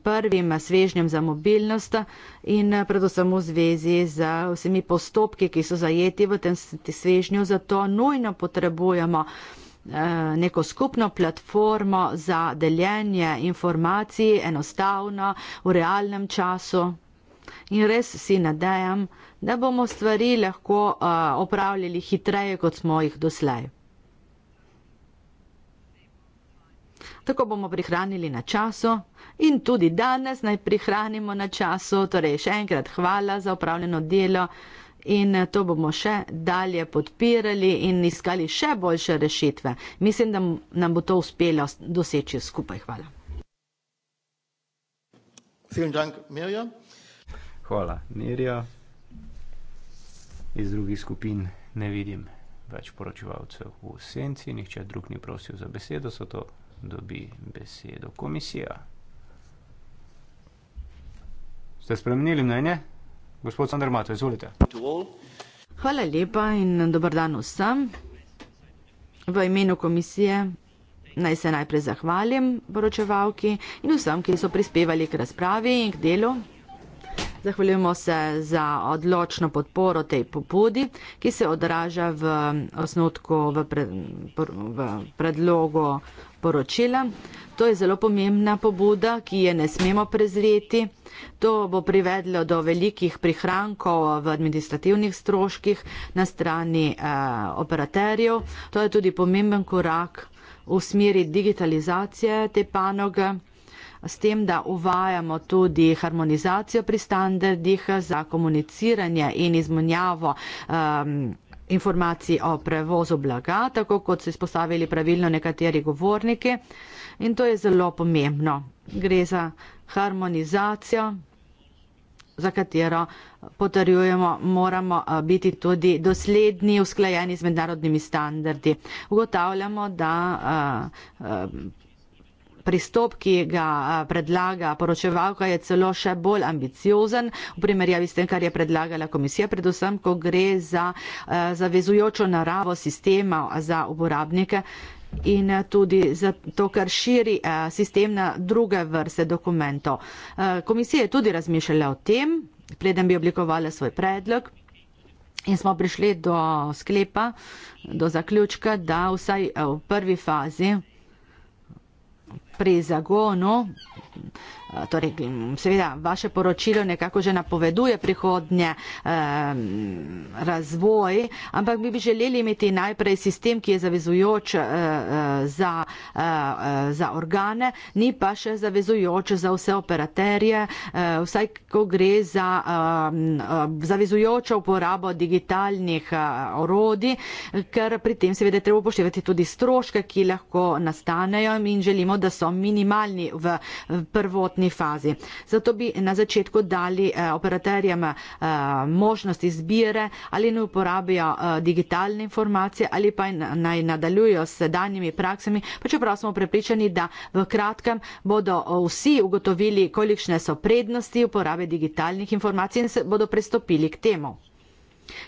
prvim svežnjem za mobilnost in eh, predvsem v zvezi z vsemi postopki, ki so zajeti v tem svežnju. Zato nujno potrebujemo eh, neko skupno platformo za deljenje informacij enostavno v realnem času. In res si nadejam, da bomo stvari lahko eh, opravljali hitreje, kot smo jih doslej. tako bomo prihranili na času in tudi danes naj prihranimo na času. Torej, še enkrat hvala za upravljeno delo in eh, to bomo še dalje podpirali in iskali še boljše rešitve. Mislim, da nam bo to uspelo doseči skupaj. Hvala. Hvala, Mirja. Iz drugih skupin ne vidim več poročevalcev v senci, nihče drug ni prosil za besedo, so to dobi besedo komisija. Ste spremenili mnenje? Gospod Sandr Mato, izvolite. Hvala lepa in dober dan vsem. V imenu komisije naj se najprej zahvalim poročevalki in vsem, ki so prispevali k razpravi in k delu. Zahvaljujemo se za odločno podporo tej pobudi, ki se odraža v osnotku v, pre, v predlogu poročila. To je zelo pomembna pobuda, ki je ne smemo prezreti. To bo privedlo do velikih prihrankov v administrativnih stroških na strani eh, operaterjev. To je tudi pomemben korak v smeri digitalizacije te panoge, s tem, da uvajamo tudi harmonizacijo pri standardih za komuniciranje in izmenjavo. Eh, informacij o prevozu blaga, tako kot so izpostavili pravilno nekateri govorniki in to je zelo pomembno. Gre za harmonizacijo, za katero potrjujemo, moramo biti tudi dosledni, usklajeni z mednarodnimi standardi. Ugotavljamo, da a, a, pristop, ki ga predlaga poročevalka, je celo še bolj ambiciozen v primerjavi s tem, kar je predlagala komisija, predvsem, ko gre za zavezujočo naravo sistema za uporabnike. In tudi zato, ker širi sistem na druge vrste dokumentov. Komisija je tudi razmišljala o tem, preden bi oblikovala svoj predlog, in smo prišli do sklepa, do zaključka, da vsaj v prvi fazi prezagono Eh, torej, seveda, vaše poročilo nekako že napoveduje prihodnje razvoj, ampak mi bi želeli imeti najprej sistem, ki je zavezujoč eh, eh, za, za organe, ni pa še zavezujoč za vse operaterje, vsaj ko gre za zavezujočo uporabo digitalnih orodij, ker pri tem seveda treba upoštevati tudi stroške, ki lahko nastanejo in želimo, da so minimalni v prvotni fazi. Zato bi na začetku dali eh, operaterjem eh, možnost izbire ali ne uporabijo eh, digitalne informacije ali pa naj nadaljujo s sedanjimi praksami, pa čeprav smo prepričani, da v kratkem bodo vsi ugotovili, kolikšne so prednosti uporabe digitalnih informacij in se bodo prestopili k temu.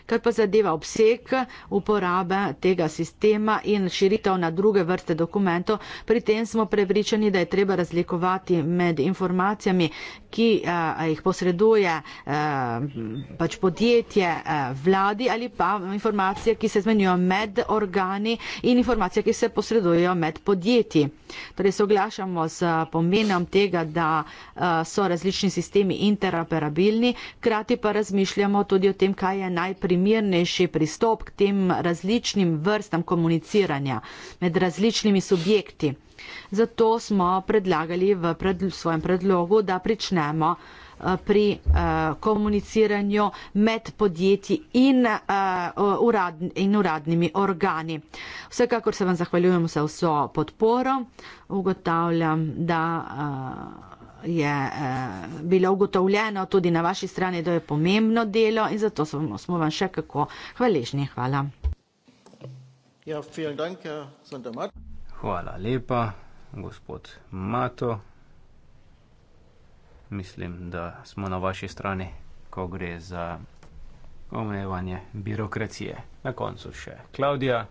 Kar pa zadeva obseg uporabe tega sistema in širitev na druge vrste dokumentov, pri tem smo prepričani, da je treba razlikovati med informacijami, ki eh, jih posreduje eh, pač podjetje eh, vladi ali pa informacije, ki se zmenijo med organi in informacije, ki se posredujejo med podjetji. Torej, soglašamo z pomenom tega, da so različni sistemi interoperabilni, krati pa razmišljamo tudi o tem, kaj je naj najprimernejši pristop k tem različnim vrstam komuniciranja med različnimi subjekti. Zato smo predlagali v pred, svojem predlogu, da pričnemo eh, pri uh, komuniciranju med podjetji in, uh, urad, in uradnimi organi. Vsekakor se vam zahvaljujem za vso podporo. Ugotavljam, da. Uh, je eh, bilo ugotovljeno tudi na vaši strani, da je pomembno delo in zato smo vam še kako hvaležni. Hvala. Ja, dank, Hvala lepa, gospod Mato. Mislim, da smo na vaši strani, ko gre za omejevanje birokracije. Na koncu še Klaudija.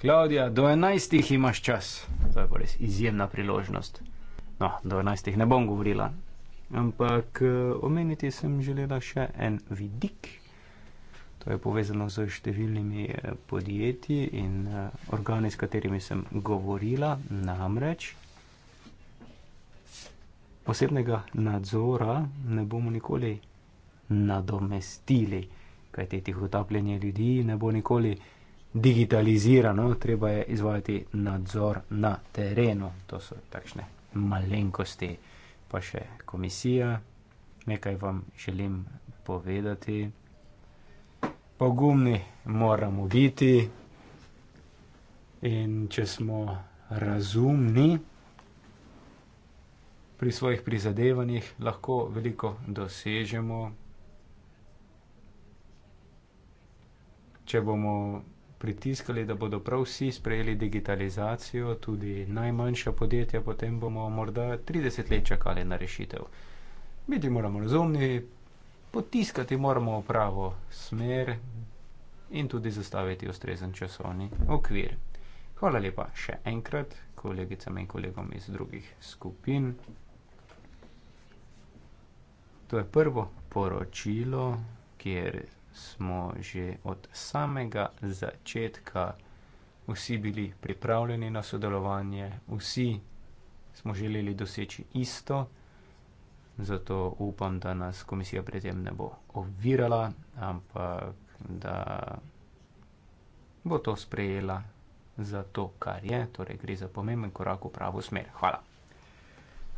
Klaudija, do enajstih imaš čas. To je pa res izjemna priložnost no, do 11. ne bom govorila. Ampak eh, omeniti sem želela še en vidik, to je povezano z številnimi eh, podjetji in eh, organi, s katerimi sem govorila, namreč posebnega nadzora ne bomo nikoli nadomestili, kajte tih utapljenje ljudi ne bo nikoli digitalizirano, treba je izvajati nadzor na terenu. To so takšne malenkosti, pa še komisija, nekaj vam želim povedati. Pogumni moramo biti in če smo razumni pri svojih prizadevanjih, lahko veliko dosežemo. Če bomo pritiskali, da bodo prav vsi sprejeli digitalizacijo, tudi najmanjša podjetja, potem bomo morda 30 let čakali na rešitev. Biti moramo razumni, potiskati moramo v pravo smer in tudi zastaviti ustrezen časovni okvir. Hvala lepa še enkrat kolegicam in kolegom iz drugih skupin. To je prvo poročilo, kjer smo že od samega začetka vsi bili pripravljeni na sodelovanje, vsi smo želeli doseči isto, zato upam, da nas komisija pri tem ne bo ovirala, ampak da bo to sprejela za to, kar je, torej gre za pomemben korak v pravo smer. Hvala.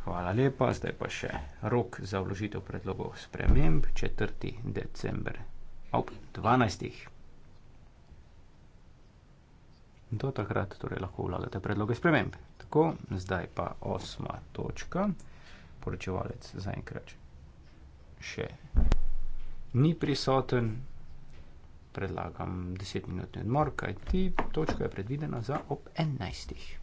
Hvala lepa, zdaj pa še rok za vložitev predlogov sprememb, 4. december ob 12. Do takrat torej lahko vlagate predloge sprememb. Tako, zdaj pa osma točka. Poročevalec zaenkrat še ni prisoten. Predlagam 10-minutni odmor, kaj ti točka je predvidena za ob 11.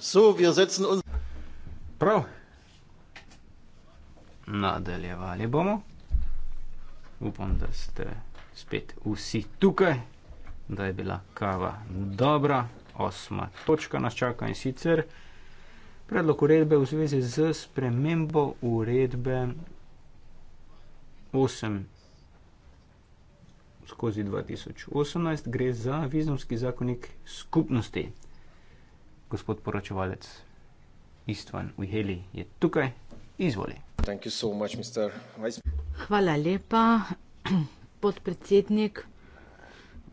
So, wir setzen uns. Prav. Nadaljevali bomo. Upam, da ste spet vsi tukaj, da je bila kava dobra. Osma točka nas čaka in sicer predlog uredbe v zvezi z spremembo uredbe 8 skozi 2018. Gre za vizumski zakonik skupnosti gospod poročevalec Istvan Uheli je tukaj. Izvoli. So much, Hvala lepa, <clears throat> podpredsednik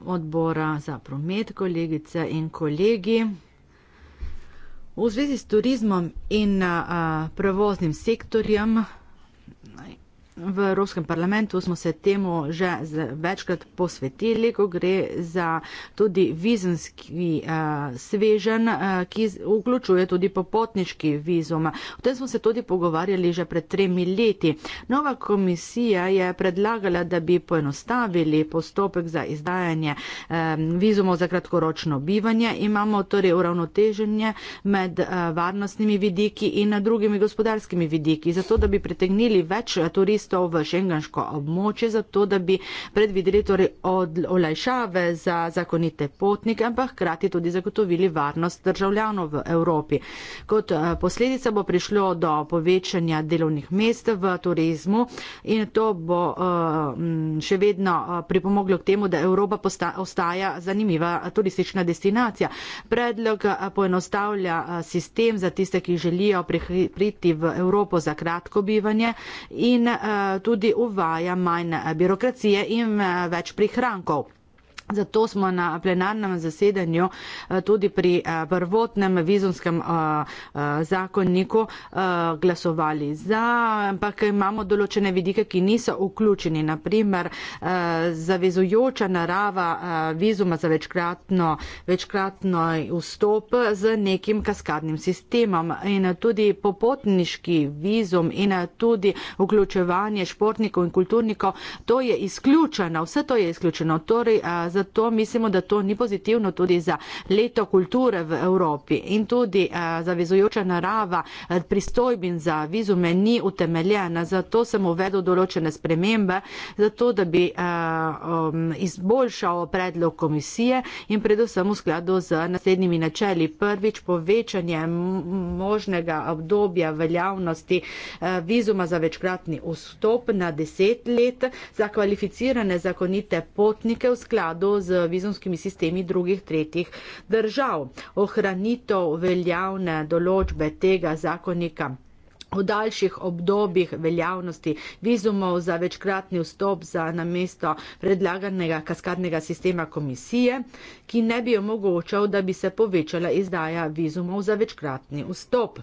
odbora za promet, kolegica in kolegi. V zvezi s turizmom in a, prevoznim sektorjem V Evropskem parlamentu smo se temu že večkrat posvetili, ko gre za tudi vizenski eh, svežen, eh, ki vključuje tudi popotniški vizum. O tem smo se tudi pogovarjali že pred tremi leti. Nova komisija je predlagala, da bi poenostavili postopek za izdajanje eh, vizumov za kratkoročno bivanje. Imamo torej uravnoteženje med eh, varnostnimi vidiki in drugimi gospodarskimi vidiki, zato da bi pritegnili več turistov turistov v šengensko območje, zato da bi predvideli torej olajšave za zakonite potnike, ampak hkrati tudi zagotovili varnost državljanov v Evropi. Kot eh, posledica bo prišlo do povečanja delovnih mest v turizmu in to bo eh, še vedno eh, pripomoglo k temu, da Evropa ostaja zanimiva turistična destinacija. Predlog poenostavlja sistem za tiste, ki želijo priti v Evropo za kratko bivanje in a, Eh, tudi uvaja manj eh, birokracije in eh, več prihrankov. Zato smo na plenarnem zasedanju eh, tudi pri eh, prvotnem vizumskem eh, zakonniku glasovali za, ampak imamo določene vidike, ki niso vključeni. Naprimer, zavezujoča narava vizuma za večkratno, večkratno vstop z nekim kaskadnim sistemom in tudi popotniški vizum in tudi vključevanje športnikov in kulturnikov, to je izključeno, vse to je izključeno. Torej, zato mislimo, da to ni pozitivno tudi za leto kulture v Evropi in tudi eh, zavezujoča narava eh, pristojbin za vizume ni utemeljena, zato sem uvedel določene spremembe, zato da bi eh, um, izboljšal predlog komisije in predvsem v skladu z naslednjimi načeli. Prvič povečanje možnega obdobja veljavnosti vizuma za večkratni vstop na deset let za kvalificirane zakonite potnike v skladu skladu z vizumskimi sistemi drugih tretjih držav. Ohranitev veljavne določbe tega zakonika V daljših obdobjih veljavnosti vizumov za večkratni vstop za namesto predlaganega kaskadnega sistema komisije, ki ne bi omogočal, da bi se povečala izdaja vizumov za večkratni vstop.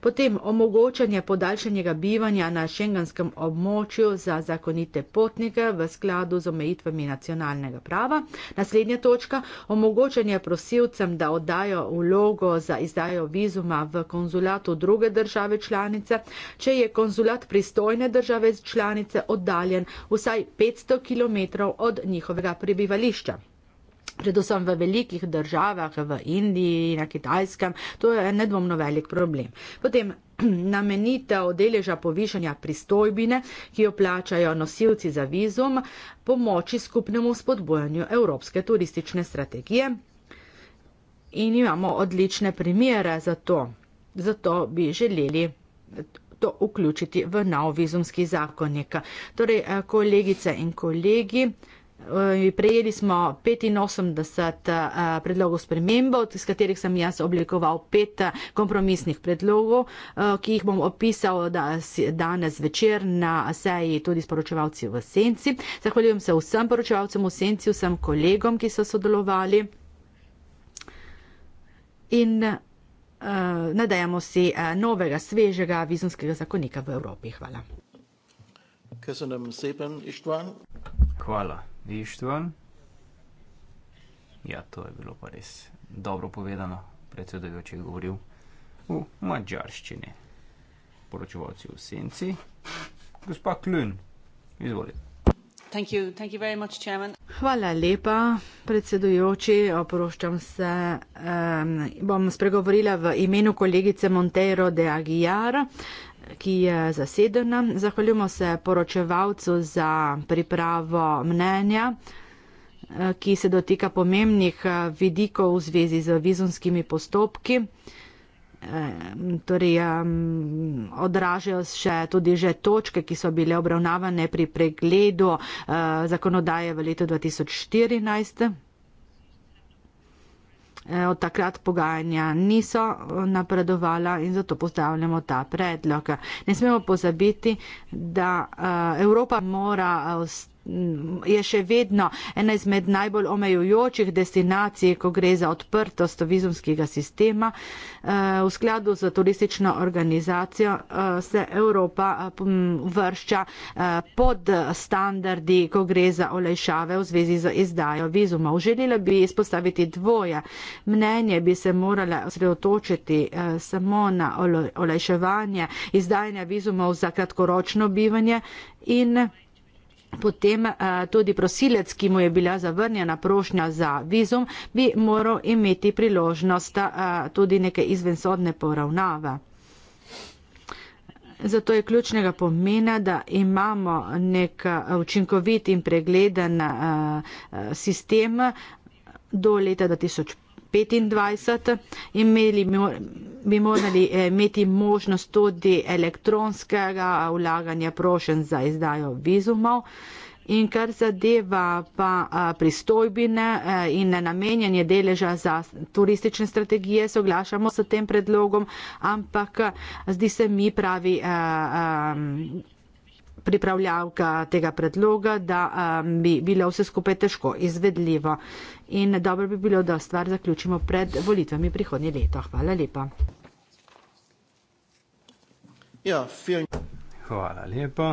Potem omogočanje podaljšanjega bivanja na šengenskem območju za zakonite potnike v skladu z omejitvami nacionalnega prava. Naslednja točka omogočanje prosilcem, da oddajo vlogo za izdajo vizuma v konzulatu druge države članice članice, če je konzulat pristojne države članice oddaljen vsaj 500 km od njihovega prebivališča. Predvsem v velikih državah, v Indiji, na Kitajskem, to je nedvomno velik problem. Potem <clears throat> namenitev deleža povišanja pristojbine, ki jo plačajo nosilci za vizum, pomoči skupnemu spodbojanju evropske turistične strategije. In imamo odlične primere za to. Zato bi želeli to vključiti v nov vizumski zakonnik. Torej, eh, kolegice in kolegi, eh, prejeli smo 85 eh, predlogov spremembo, iz katerih sem jaz oblikoval pet kompromisnih predlogov, ki jih bom opisal danes večer na seji tudi s poročevalci v Senci. Zahvaljujem se vsem poročevalcem v Senci, vsem kolegom, ki so sodelovali. In Eh, nadajamo si eh, novega, svežega vizumskega zakonika v Evropi. Hvala. Hvala, Ištvan. Ja, to je bilo pa res dobro povedano, predsedujoči je govoril v mačarščini. Poročevalci v senci, gospa Klun, izvolite. Hvala lepa, predsedujoči, oproščam se. Um, bom spregovorila v imenu kolegice Montero de Aguiar, ki je zasedena. Zahvaljujemo se poročevalcu za pripravo mnenja eh, ki se dotika pomembnih eh, vidikov v zvezi z vizumskimi postopki torej, um, odražajo še tudi že točke, ki so bile obravnavane pri pregledu uh, zakonodaje v letu 2014. Eh, od takrat pogajanja niso eh, napredovala in zato pozdravljamo ta predlog. Ne smemo pozabiti, da Evropa mora ostati je še vedno ena izmed najbolj omejujočih destinacij, ko gre za odprtost vizumskega sistema. Eh, v skladu z turistično organizacijo eh, se Evropa eh, vršča pod standardi, ko gre za olejšave v zvezi z izdajo vizumov. Želela bi izpostaviti dvoje. Mnenje bi se morala sredotočiti samo na olejševanje izdajanja vizumov za kratkoročno bivanje in Potem eh, tudi prosilec, ki mu je bila zavrnjena prošnja za vizum, bi moral imeti priložnost eh, tudi neke izvensodne poravnave. Zato je ključnega pomena, da imamo nek eh, učinkovit in pregleden sistem do leta 2025. Imeli bi morali eh, imeti možnost tudi elektronskega vlaganja prošen za izdajo vizumov. In kar zadeva pa eh, pristojbine eh, in namenjanje deleža za turistične strategije, soglašamo s tem predlogom, ampak zdi se mi pravi. A, a, pripravljavka tega predloga, da um, bi bilo vse skupaj težko izvedljivo in dobro bi bilo, da stvar zaključimo pred volitvami prihodnje leto. Hvala lepa. Ja, Hvala lepa.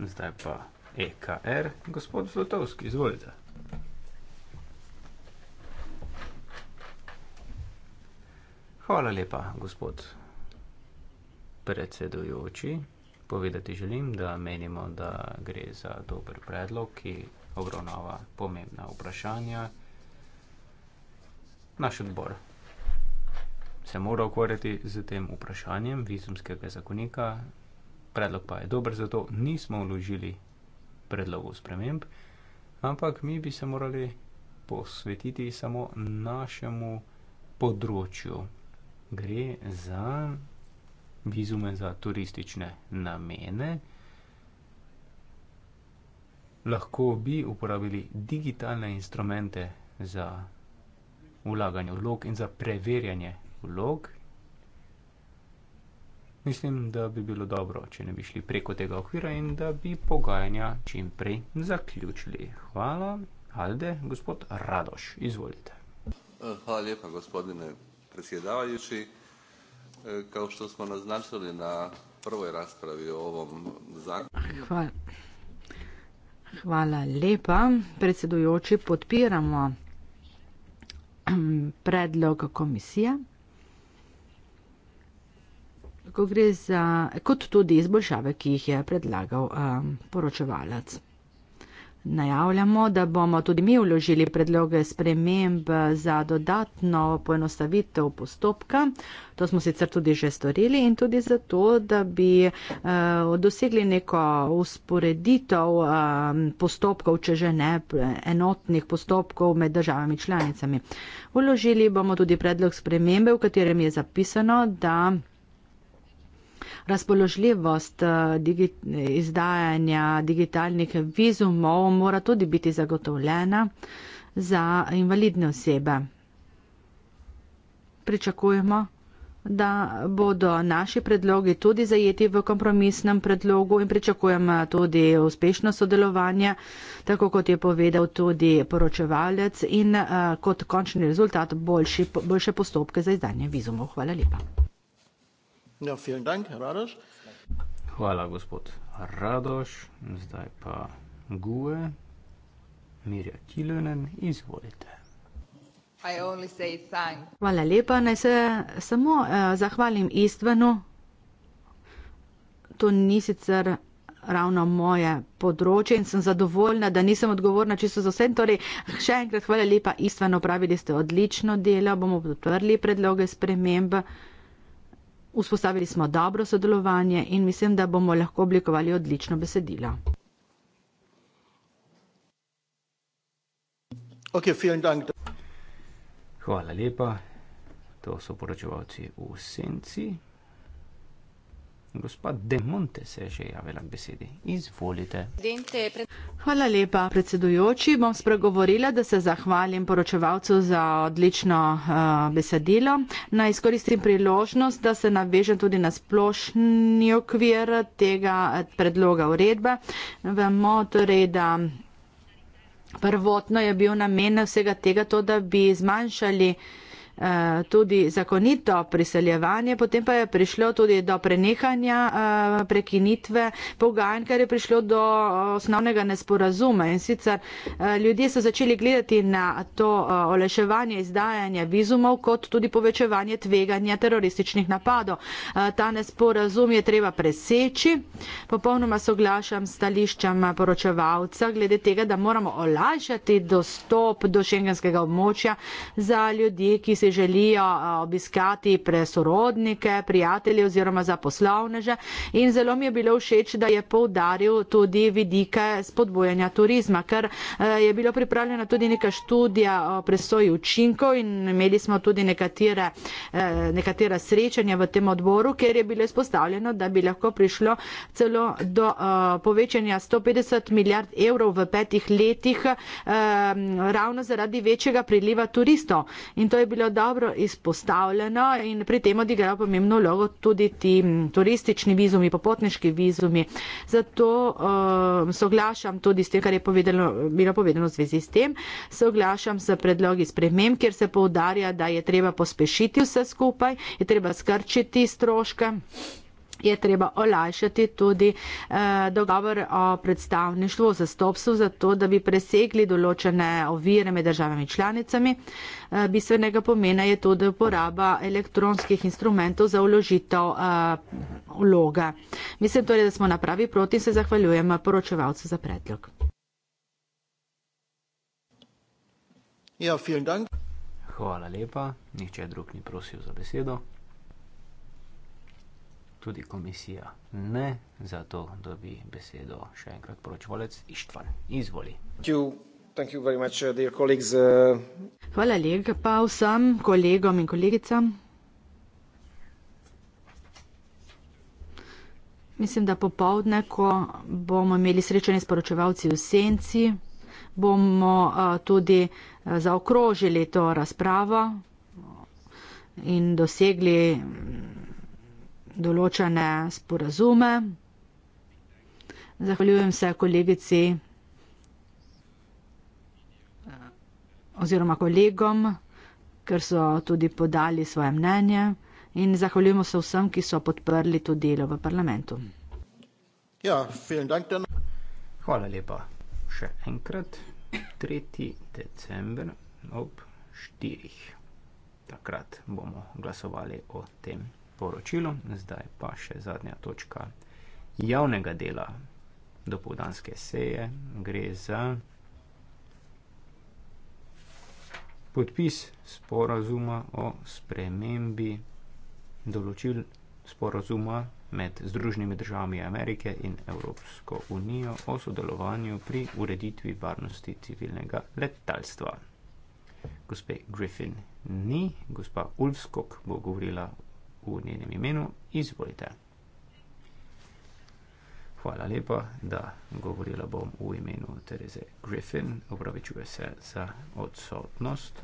Zdaj pa EKR, gospod Zlotovski, izvolite. Hvala lepa, gospod predsedujoči povedati želim, da menimo, da gre za dober predlog, ki obravnava pomembna vprašanja. Naš odbor se mora ukvarjati z tem vprašanjem vizumskega zakonika, predlog pa je dober, zato nismo vložili predlogov sprememb, ampak mi bi se morali posvetiti samo našemu področju. Gre za vizume za turistične namene. Lahko bi uporabili digitalne instrumente za ulaganje vlog in za preverjanje vlog. Mislim, da bi bilo dobro, če ne bi šli preko tega okvira in da bi pogajanja čim prej zaključili. Hvala, Alde, gospod Radoš, izvolite. Hvala lepa, gospodine predsjedavajući. E, kao što smo naznačili na prvoj raspravi o ovom zakonu. Hvala. Hvala lepa, predsedujoči, podpiramo <clears throat> predlog komisije. Ko gre za, kot tudi izboljšave, ki jih je predlagal um, poročevalec. Najavljamo, da bomo tudi mi vložili predloge sprememb za dodatno poenostavitev postopka. To smo sicer tudi že storili in tudi zato, da bi uh, dosegli neko usporeditev uh, postopkov, če že ne enotnih postopkov med državami članicami. Vložili bomo tudi predlog spremembe, v katerem je zapisano, da. Razpoložljivost eh, digi, izdajanja digitalnih vizumov mora tudi biti zagotovljena za invalidne osebe. Pričakujemo, da bodo naši predlogi tudi zajeti v kompromisnem predlogu in pričakujemo eh, tudi uspešno sodelovanje, tako kot je povedal tudi poročevalec in eh, kot končni rezultat boljši, boljše postopke za izdanje vizumov. Hvala lepa. Ja, vielen Dank, Herr Radoš. Hvala, gospod Radoš. Zdaj pa Gue, Mirja Kilenen, izvolite. Hvala lepa, naj se samo eh, zahvalim Istvenu. To ni sicer ravno moje področje in sem zadovoljna, da nisem odgovorna čisto za vse. Torej, še enkrat hvala lepa Istvenu, pravili ste odlično delo, bomo podprli predloge spremembe. Vzpostavili smo dobro sodelovanje in mislim, da bomo lahko oblikovali odlično besedilo. Hvala lepa. To so poročevalci v senci. Gospa De Monte se je že javila k besedi. Izvolite. Hvala lepa, predsedujoči. Bom spregovorila, da se zahvalim poročevalcu za odlično uh, besedilo. Naj izkoristim priložnost, da se navežem tudi na splošni okvir tega eh, predloga uredbe. Vemo torej, da. Prvotno je bil namen vsega tega to, da bi zmanjšali Eh, tudi zakonito priseljevanje, potem pa je prišlo tudi do prenehanja eh, prekinitve pogajanj, ker je prišlo do osnovnega nesporazuma in sicer eh, ljudje so začeli gledati na to oleševanje izdajanja vizumov kot tudi povečevanje tveganja terorističnih napadov. Ta nesporazum je treba preseči. Popolnoma soglašam s stališčem poročevalca glede tega, da moramo olajšati dostop do šengenskega območja za ljudi, ki se želijo obiskati presorodnike, prijatelje oziroma zaposlovneže. In zelo mi je bilo všeč, da je poudaril tudi vidike spodbojanja turizma, ker je bilo pripravljena tudi neka študija o presoji učinkov in imeli smo tudi nekatere, nekatera srečanja v tem odboru, kjer je bilo izpostavljeno, da bi lahko prišlo celo do povečanja 150 milijard evrov v petih letih ravno zaradi večjega priliva turistov. In to je bilo dobro izpostavljeno in pri tem odigrajo pomembno vlogo tudi ti turistični vizumi, popotniški vizumi. Zato uh, soglašam tudi s tem, kar je povedano, bilo povedano v zvezi s tem, soglašam s predlogi sprememb, kjer se poudarja, da je treba pospešiti vse skupaj, je treba skrčiti stroške je treba olajšati tudi eh, dogovor o predstavništvu, o zastopstvu, zato da bi presegli določene ovire med državami članicami. Eh, bistvenega pomena je tudi uporaba elektronskih instrumentov za uložitev eh, vloga. Mislim torej, da smo na pravi proti in se zahvaljujem poročevalcu za predlog. Ja, Hvala lepa. Nihče drug ni prosil za besedo tudi komisija ne, zato dobi besedo še enkrat poročevalec Ištvan. Izvoli. Thank you very much, uh, dear colleagues. Uh... Hvala lepa vsem kolegom in kolegicam. Mislim, da popovdne, ko bomo imeli srečanje s poročevalci v senci, bomo uh, tudi uh, zaokrožili to razpravo in dosegli določene sporazume. Zahvaljujem se kolegici eh, oziroma kolegom, ker so tudi podali svoje mnenje in zahvaljujemo se vsem, ki so podprli to delo v parlamentu. Ja, dank, Hvala lepa. Še enkrat, 3. december ob 4. Takrat bomo glasovali o tem poročilu, zdaj pa še zadnja točka javnega dela dopoldanske seje. Gre za podpis sporazuma o spremembi določil sporazuma med Združenimi državami Amerike in Evropsko unijo o sodelovanju pri ureditvi varnosti civilnega letalstva. Gospe Griffin ni, gospa Ulfskog bo govorila v njenem imenu, izvolite. Hvala lepa, da govorila bom v imenu Tereze Griffin. Opravičuje se za odsotnost.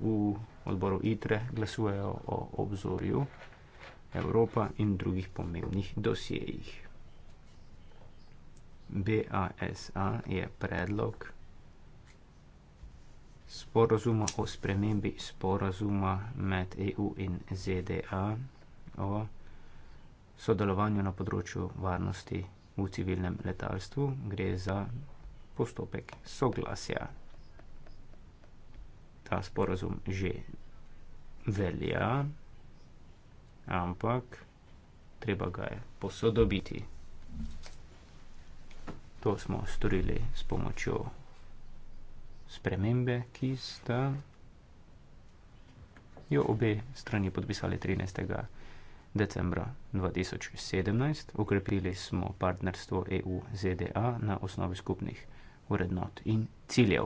V odboru ITRE glasujejo o obzorju Evropa in drugih pomembnih dosjejih. BASA je predlog sporozuma o spremembi sporozuma med EU in ZDA o sodelovanju na področju varnosti v civilnem letalstvu. Gre za postopek soglasja. Ta sporozum že velja, ampak treba ga je posodobiti. To smo storili s pomočjo spremembe, ki sta jo obe strani podpisali 13. decembra 2017. Okrepili smo partnerstvo EU-ZDA na osnovi skupnih urednot in ciljev.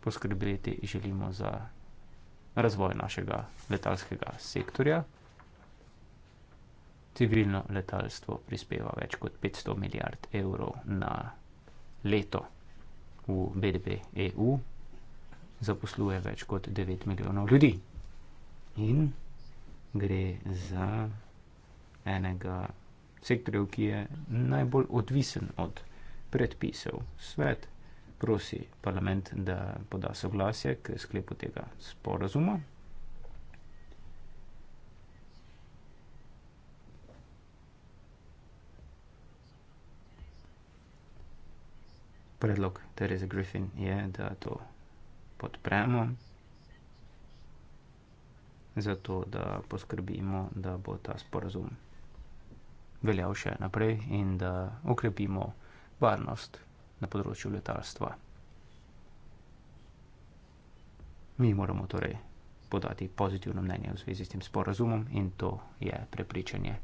Poskrbeti želimo za razvoj našega letalskega sektorja. Civilno letalstvo prispeva več kot 500 milijard evrov na leto v BDP EU zaposluje več kot 9 milijonov ljudi. In gre za enega sektorjev, ki je najbolj odvisen od predpisov. Svet prosi parlament, da poda soglasje k sklepu tega sporazuma, predlog Tereza Griffin je, da to podpremo, zato da poskrbimo, da bo ta sporazum veljal še naprej in da okrepimo varnost na področju letalstva. Mi moramo torej podati pozitivno mnenje v zvezi s tem sporazumom in to je prepričanje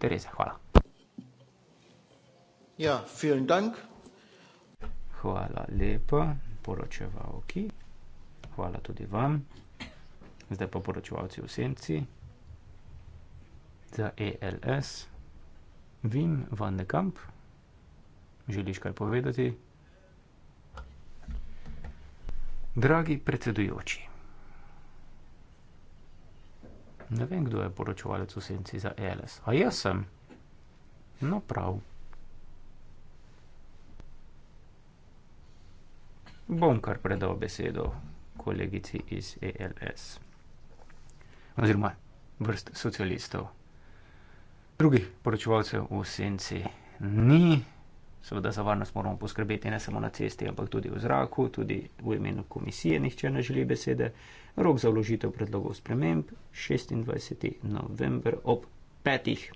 Tereze. Hvala. Ja, vielen Dank. Hvala lepa, poročevalki. Hvala tudi vam. Zdaj pa poročevalci v senci. Za ELS. Vim van de Kamp. Želiš kaj povedati? Dragi predsedujoči. Ne vem, kdo je poročevalec v senci za ELS. A jaz sem? No prav. bom kar predal besedo kolegici iz ELS. Oziroma vrst socialistov. Drugih poročevalcev v senci ni. Seveda za varnost moramo poskrbeti ne samo na cesti, ampak tudi v zraku, tudi v imenu komisije, nihče ne želi besede. Rok za vložitev predlogov sprememb 26. november ob petih.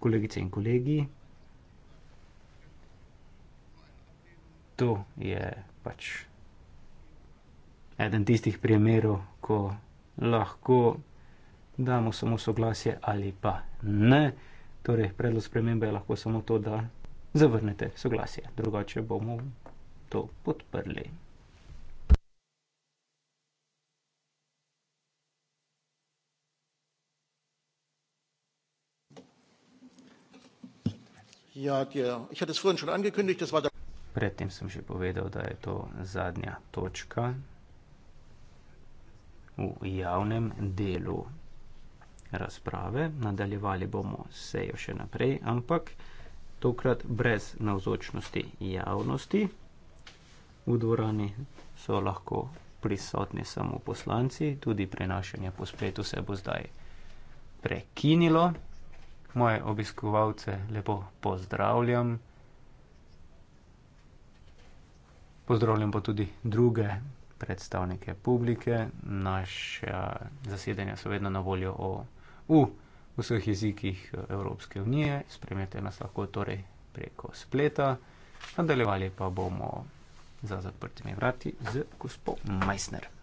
Kolegice in kolegi, to je pač eden tistih primerov, ko lahko damo samo soglasje ali pa ne. Torej, predlog spremembe je lahko samo to, da zavrnete soglasje, drugače bomo to podprli. Ja, der, ich hatte es vorhin schon angekündigt, das war der Predtem sem že povedal, da je to zadnja točka v javnem delu razprave. Nadaljevali bomo sejo še naprej, ampak tokrat brez navzočnosti javnosti. V dvorani so lahko prisotni samo poslanci, tudi prenašanje po spletu se bo zdaj prekinilo. Moje obiskovalce lepo pozdravljam. Pozdravljam pa tudi druge predstavnike publike. Naša zasedanja so vedno na voljo o, v vseh jezikih Evropske unije. Spremljate nas lahko torej preko spleta. Nadaljevali pa bomo za zaprtimi vrati z gospodom Meissnerem.